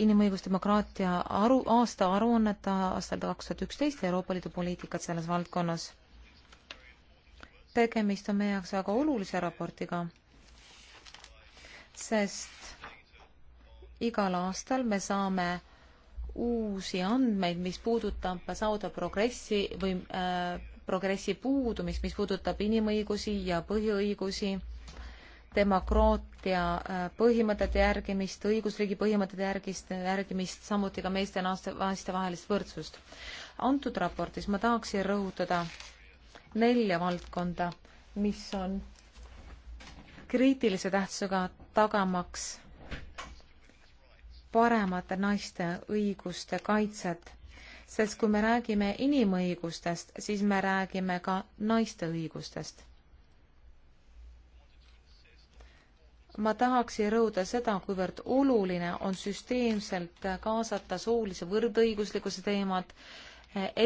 inimõigusdemokraatia aru, aastaaruannet aastal kaks tuhat üksteist ja Euroopa Liidu poliitikat selles valdkonnas. tegemist on meie jaoks väga olulise raportiga, sest igal aastal me saame uusi andmeid, mis puudutab Sauda progressi või äh, progressi puudumist, mis puudutab inimõigusi ja põhiõigusi, demokraatia äh, põhimõtete järgimist, õigusriigi põhimõtete järgist, järgimist, samuti ka meeste ja naiste vahelist võrdsust. antud raportis ma tahaksin rõhutada nelja valdkonda, mis on kriitilise tähtsusega tagamaks paremat naiste õiguste kaitset, sest kui me räägime inimõigustest, siis me räägime ka naiste õigustest. ma tahaksin rõhuda seda, kuivõrd oluline on süsteemselt kaasata soolise võrdõiguslikkuse teemat,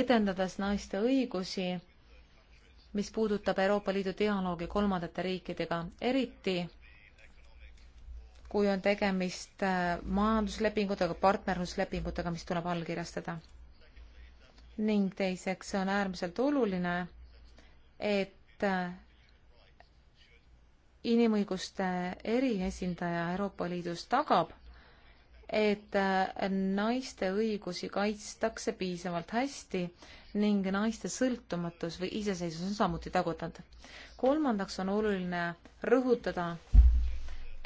edendades naiste õigusi, mis puudutab Euroopa Liidu dialoogi kolmandate riikidega, eriti kui on tegemist äh, majanduslepingutega, partnerluslepingutega, mis tuleb allkirjastada. ning teiseks on äärmiselt oluline, et äh, inimõiguste eriesindaja Euroopa Liidus tagab, et äh, naiste õigusi kaitstakse piisavalt hästi ning naiste sõltumatus või iseseisvus on samuti tagatud. kolmandaks on oluline rõhutada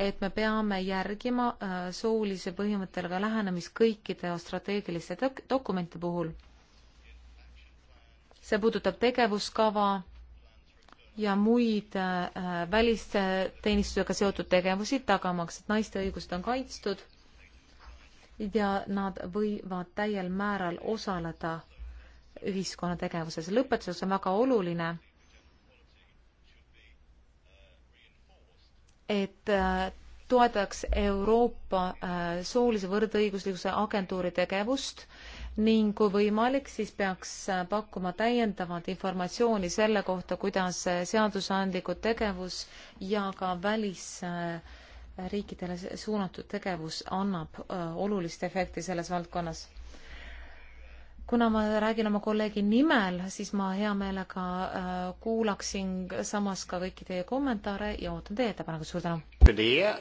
et me peame järgima äh, soolise põhimõttega lähenemist kõikide strateegiliste dok dokumente puhul. see puudutab tegevuskava ja muid äh, välisteenistusega seotud tegevusi, tagamaks, et naiste õigused on kaitstud ja nad võivad täiel määral osaleda ühiskonna tegevuses. lõpetuseks on väga oluline et äh, toetaks Euroopa äh, soolise võrdõiguslikkuse agentuuri tegevust ning kui võimalik, siis peaks äh, pakkuma täiendavat informatsiooni selle kohta, kuidas seadusandlikud tegevus ja ka välisriikidele suunatud tegevus annab olulist efekti selles valdkonnas kuna ma räägin oma kolleegi nimel, siis ma hea meelega äh, kuulaksin samas ka kõiki teie kommentaare ja ootan teie ettepanekuid, suur tänu! Eh,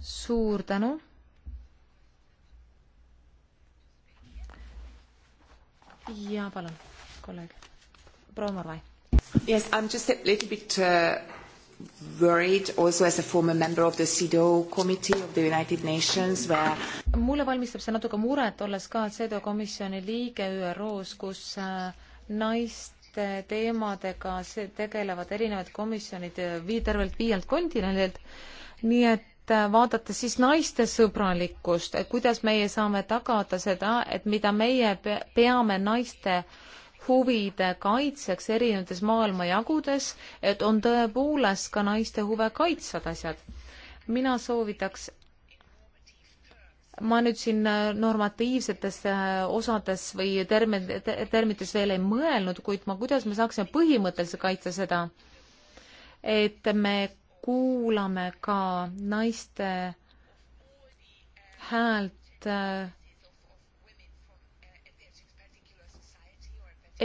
suur tänu! ja palun, kolleeg proua Morvai. Yes, I am just a little bit uh worried also as a former member of the CEDAW committee of the United Nations where mulle valmistab see natuke muret, olles ka CEDAW komisjoni liige ÜRO-s, kus äh, naiste teemadega tegelevad erinevad komisjonid äh, vii-, tervelt viielt kontinendilt, nii et äh, vaadates siis naiste sõbralikkust, et kuidas meie saame tagada seda, et mida meie peame naiste äh, huvide kaitseks erinevates maailmajagudes, et on tõepoolest ka naiste huve kaitsvad asjad. mina soovitaks ma nüüd siin äh, normatiivsetes äh, osades või termin, termites veel ei mõelnud, kuid ma, kuidas me saaksime põhimõtteliselt kaitsta seda, et me kuulame ka naiste häält äh,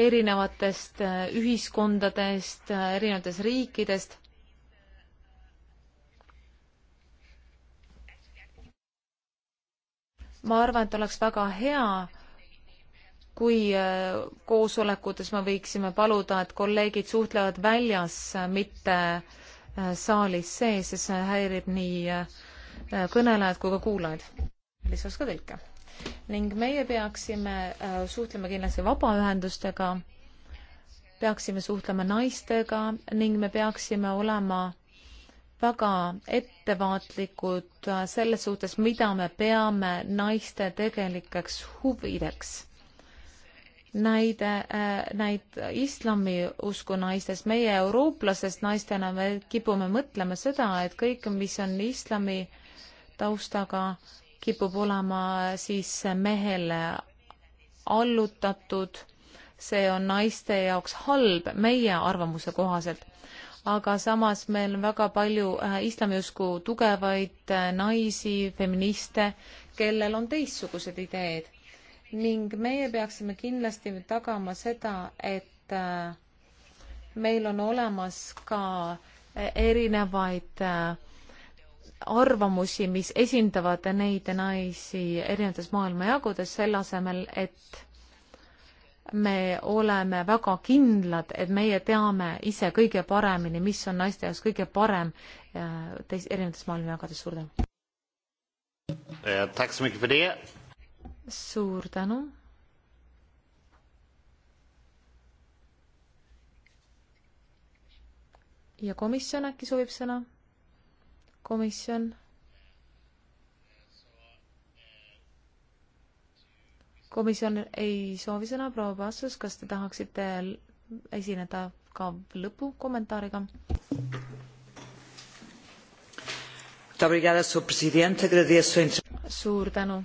erinevatest äh, ühiskondadest, äh, erinevatest riikidest. ma arvan, et oleks väga hea, kui äh, koosolekutes me võiksime paluda, et kolleegid suhtlevad väljas, mitte saalis sees, sest see häirib nii kõnelejad kui ka kuulajad. lisaks ka tõlke ning meie peaksime äh, suhtlema kindlasti vabaühendustega, peaksime suhtlema naistega ning me peaksime olema väga ettevaatlikud äh, selles suhtes, mida me peame naiste tegelikeks huvideks. näide, äh, näid islamiusku naistest, meie eurooplasest naistena me kipume mõtlema seda, et kõik, mis on islami taustaga kipub olema siis mehele allutatud, see on naiste jaoks halb meie arvamuse kohaselt. aga samas meil on väga palju äh, islamiusku tugevaid äh, naisi, feministe, kellel on teistsugused ideed ning meie peaksime kindlasti tagama seda, et äh, meil on olemas ka erinevaid äh, arvamusi, mis esindavad neid naisi erinevates maailmajagudes, selle asemel, et me oleme väga kindlad, et meie teame ise kõige paremini, mis on naiste jaoks kõige parem teis-, erinevates maailmajagudes, suur tänu! Eh, suur tänu! ja komisjon äkki soovib sõna? komisjon komisjon ei soovi sõna, proua Passus, kas te tahaksite esineda ka lõpukommentaariga? suur tänu.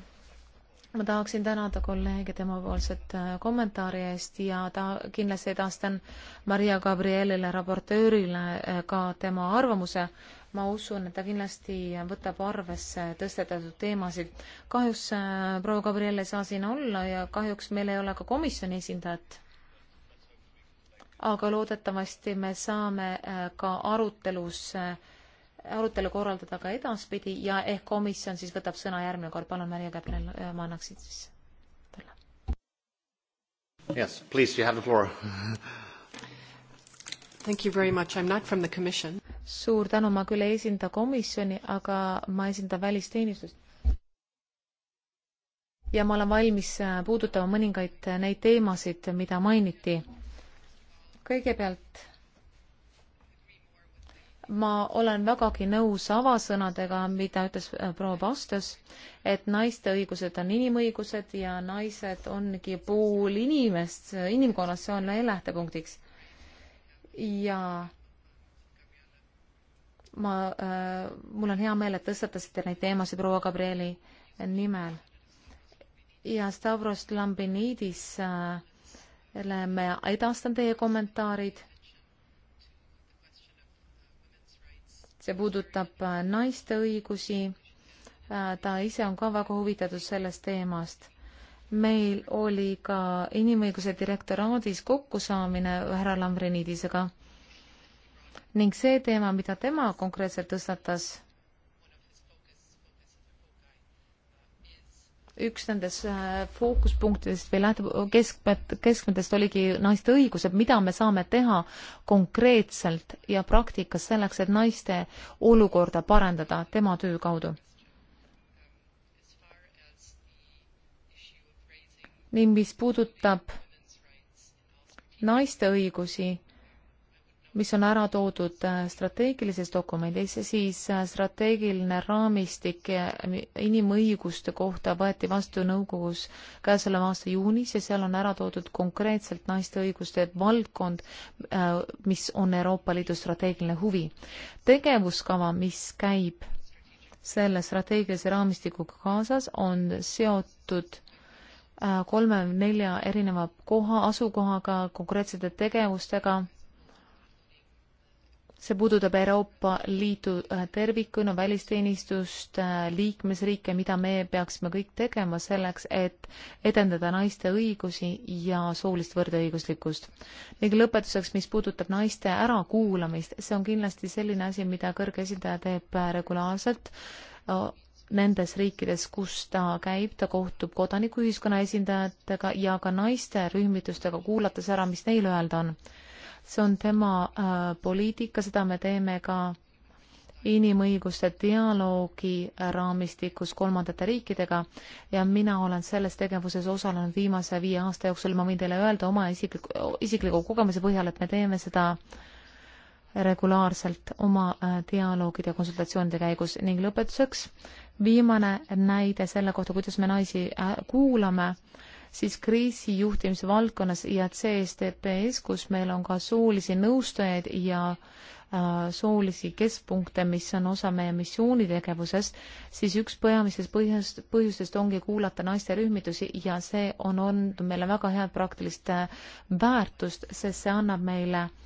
ma tahaksin tänada kolleege temapoolset äh, kommentaari eest ja ta kindlasti edastan Maria Gabrielile, raportöörile äh, ka tema arvamuse ma usun, et ta kindlasti võtab arvesse tõstetatud teemasid. kahjuks äh, proua Gabriel ei saa siin olla ja kahjuks meil ei ole ka komisjoni esindajat. aga loodetavasti me saame äh, ka arutelus, äh, arutelu korraldada ka edaspidi ja ehk komisjon siis võtab sõna järgmine kord. palun, Maria Gabriel, ma annaksin siis talle. Yes, please, you have the floor Thank you very much. I'm not from the commission. suur tänu, ma küll ei esinda komisjoni, aga ma esindan välisteenistust. ja ma olen valmis äh, puudutama mõningaid äh, neid teemasid, mida mainiti. kõigepealt ma olen vägagi nõus avasõnadega, mida ütles äh, proua Pastas, et naiste õigused on inimõigused ja naised ongi pool inimest, inimkonnast, see on lähtepunktiks ja ma äh,, mul on hea meel, et tõstatasite neid teemasid proua Gabrieli nimel. ja Stavros Lambinidis äh, me edastan teie kommentaarid. see puudutab äh, naiste õigusi. Äh, ta ise on ka väga huvitatud sellest teemast meil oli ka inimõiguse direktoraadis kokkusaamine härra Lambrinidisega ning see teema, mida tema konkreetselt tõstatas, üks nendest äh, fookuspunktidest või lähtub keskmed, keskmedest oligi naiste õigused, mida me saame teha konkreetselt ja praktikas selleks, et naiste olukorda parandada tema töö kaudu ning mis puudutab naiste õigusi, mis on ära toodud äh, strateegilises dokumendis, siis äh, strateegiline raamistik äh, inimõiguste kohta võeti vastu nõukogus käesoleva aasta juunis ja seal on ära toodud konkreetselt naiste õiguste valdkond, mis on Euroopa Liidu strateegiline huvi. tegevuskava, mis käib selle strateegilise raamistikuga kaasas, on seotud Äh, kolme-nelja erineva koha, asukohaga, konkreetsete tegevustega. see puudutab Euroopa Liidu äh, tervikuna, välisteenistust, äh, liikmesriike, mida me peaksime kõik tegema selleks, et edendada naiste õigusi ja soolist võrdõiguslikkust. ning lõpetuseks, mis puudutab naiste ärakuulamist, see on kindlasti selline asi, mida kõrge esindaja teeb regulaarselt nendes riikides, kus ta käib, ta kohtub kodanikuühiskonna esindajatega ja ka naisterühmitustega, kuulates ära, mis neil öelda on. see on tema äh, poliitika, seda me teeme ka inimõiguste dialoogi raamistikus kolmandate riikidega ja mina olen selles tegevuses osalenud viimase viie aasta jooksul, ma võin teile öelda oma isikliku, isikliku kogemuse põhjal, et me teeme seda äh, regulaarselt oma äh, dialoogide ja konsultatsioonide käigus ning lõpetuseks viimane näide selle kohta, kuidas me naisi äh, kuulame, siis kriisijuhtimise valdkonnas ja CSTPS, kus meil on ka soolisi nõustajaid ja äh, soolisi keskpunkte, mis on osa meie missioonitegevusest, siis üks peamisest põhjust, põhjustest ongi kuulata naiste rühmitusi ja see on olnud meile väga head praktilist väärtust, sest see annab meile äh,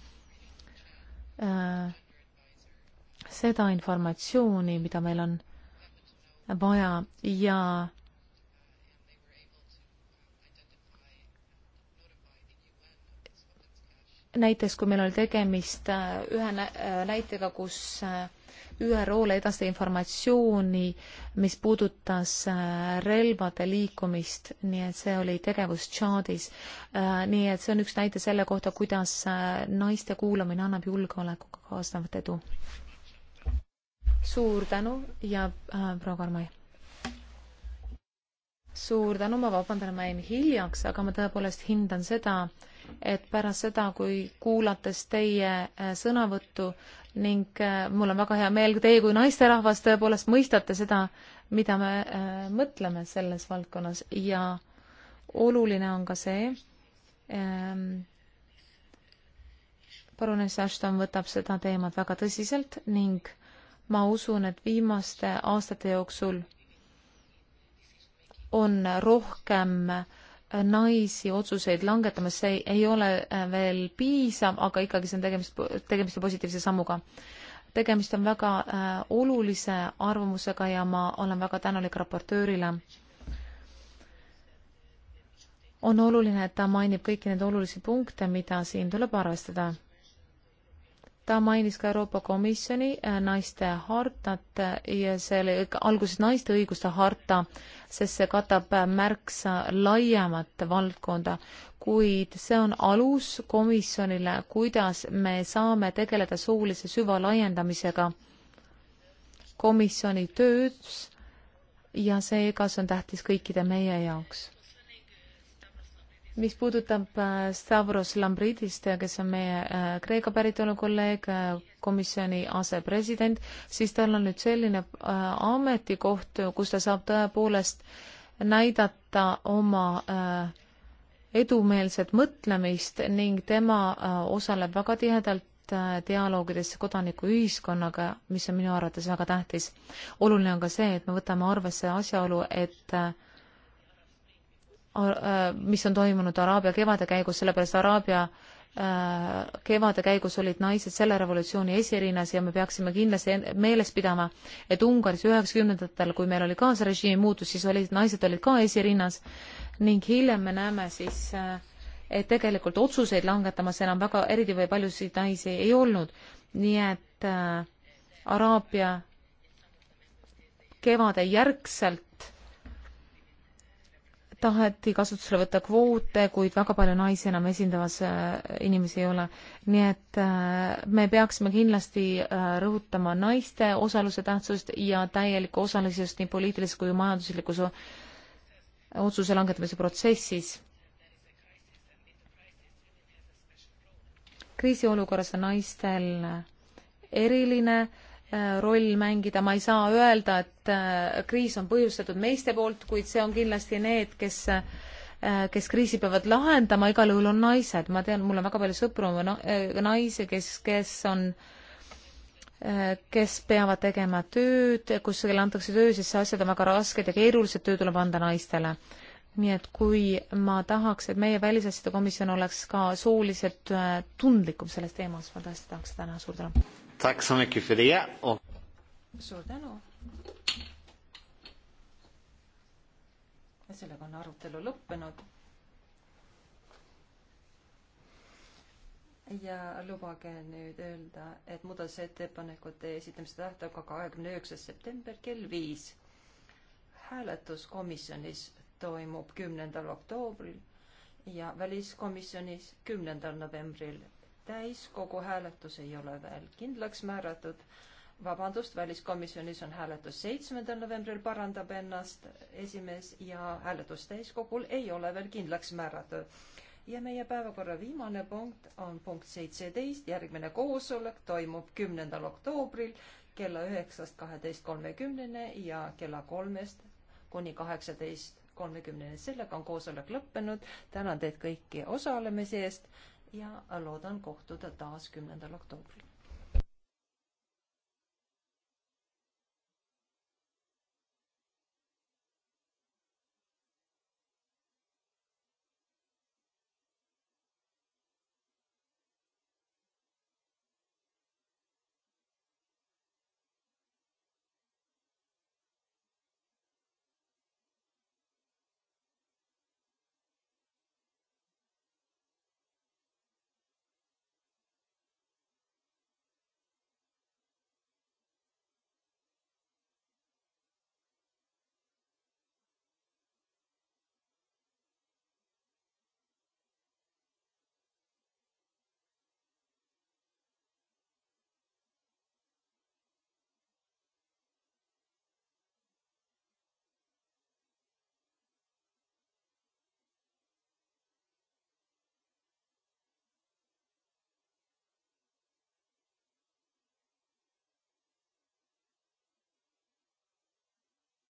Äh, seda informatsiooni, mida meil on vaja ja näiteks kui meil oli tegemist äh, ühe äh, näitega, kus ÜRO-le edastada informatsiooni, mis puudutas äh, relvade liikumist, nii et see oli tegevus Tšaadis. Äh, nii et see on üks näide selle kohta, kuidas äh, naiste kuulamine annab julgeolekuga kaasnevat edu. suur tänu ja äh, proua Karmai suur tänu, ma vabandan, ma jäin hiljaks, aga ma tõepoolest hindan seda, et pärast seda, kui kuulates teie sõnavõttu, ning äh, mul on väga hea meel, kui teie kui naisterahvas tõepoolest mõistate seda, mida me äh, mõtleme selles valdkonnas ja oluline on ka see ähm,, parunes Ashton võtab seda teemat väga tõsiselt ning ma usun, et viimaste aastate jooksul on rohkem äh, naisi otsuseid langetamas, see ei ole äh, veel piisav, aga ikkagi see on tegemist, tegemist on positiivse sammuga. tegemist on väga äh, olulise arvamusega ja ma olen väga tänulik raportöörile. on oluline, et ta mainib kõiki neid olulisi punkte, mida siin tuleb arvestada ta mainis ka Euroopa Komisjoni äh, naiste hartat ja see oli alguses naiste õiguste harta, sest see katab äh, märksa laiemat valdkonda, kuid see on alus komisjonile, kuidas me saame tegeleda soolise süvalaiendamisega komisjoni töös ja seega see on tähtis kõikide meie jaoks mis puudutab äh, Stavros Lambridist, kes on meie äh, Kreeka päritolu kolleeg, äh, komisjoni asepresident, siis tal on nüüd selline ametikoht, kus ta saab tõepoolest näidata oma edumeelset mõtlemist ning tema osaleb väga tihedalt dialoogides kodanikuühiskonnaga, mis on minu arvates väga tähtis. oluline on ka see, et me võtame arvesse asjaolu, et äh, Äh, mis on toimunud Araabia kevade käigus, sellepärast Araabia äh, kevade käigus olid naised selle revolutsiooni esirinnas ja me peaksime kindlasti meeles pidama, et Ungaris üheksakümnendatel, kui meil oli kaasrežiimi muutus, siis olid, naised olid ka esirinnas ning hiljem me näeme siis, äh, et tegelikult otsuseid langetamas enam väga eriti või paljusid naisi ei olnud. nii et Araabia kevade järgselt taheti kasutusele võtta kvoote, kuid väga palju naisi enam esindavas äh, inimesi ei ole. nii et äh, me peaksime kindlasti äh, rõhutama naiste osaluse tähtsust ja täielikku osalisust nii poliitilises kui majanduslikus otsuse langetamise protsessis. kriisiolukorras on naistel eriline äh, Äh, roll mängida, ma ei saa öelda, et äh, kriis on põhjustatud meeste poolt, kuid see on kindlasti need, kes äh, kes kriisi peavad lahendama, igal juhul on naised, ma tean, mul on väga palju sõpru na, naisi, kes, kes on, kes peavad tegema tööd, kus kellele antakse töö, siis asjad on väga rasked ja keerulised, töö tuleb anda naistele. nii et kui ma tahaks, et meie välisasjade komisjon oleks ka sooliselt tundlikum selles teemas, ma tõesti tahaks seda näha, suur tänu. Tack så mycket för det. Och... suur tänu. ja sellega on arutelu lõppenud. ja lubage nüüd öelda, et muudatusettepanekute esitamise tähtaeg on kahekümne üheksas september kell viis. hääletus komisjonis toimub kümnendal oktoobril ja väliskomisjonis kümnendal novembril täiskogu hääletus ei ole veel kindlaks määratud. vabandust, väliskomisjonis on hääletus seitsmendal novembril, parandab ennast esimees ja hääletus täiskogul ei ole veel kindlaks määratud. ja meie päevakorra viimane punkt on punkt seitseteist, järgmine koosolek toimub kümnendal oktoobril kella üheksast kaheteist kolmekümneni ja kella kolmest kuni kaheksateist kolmekümneni. sellega on koosolek lõppenud. tänan teid kõiki osalemise eest ja loodan kohtuda taas kümnendal oktoobril.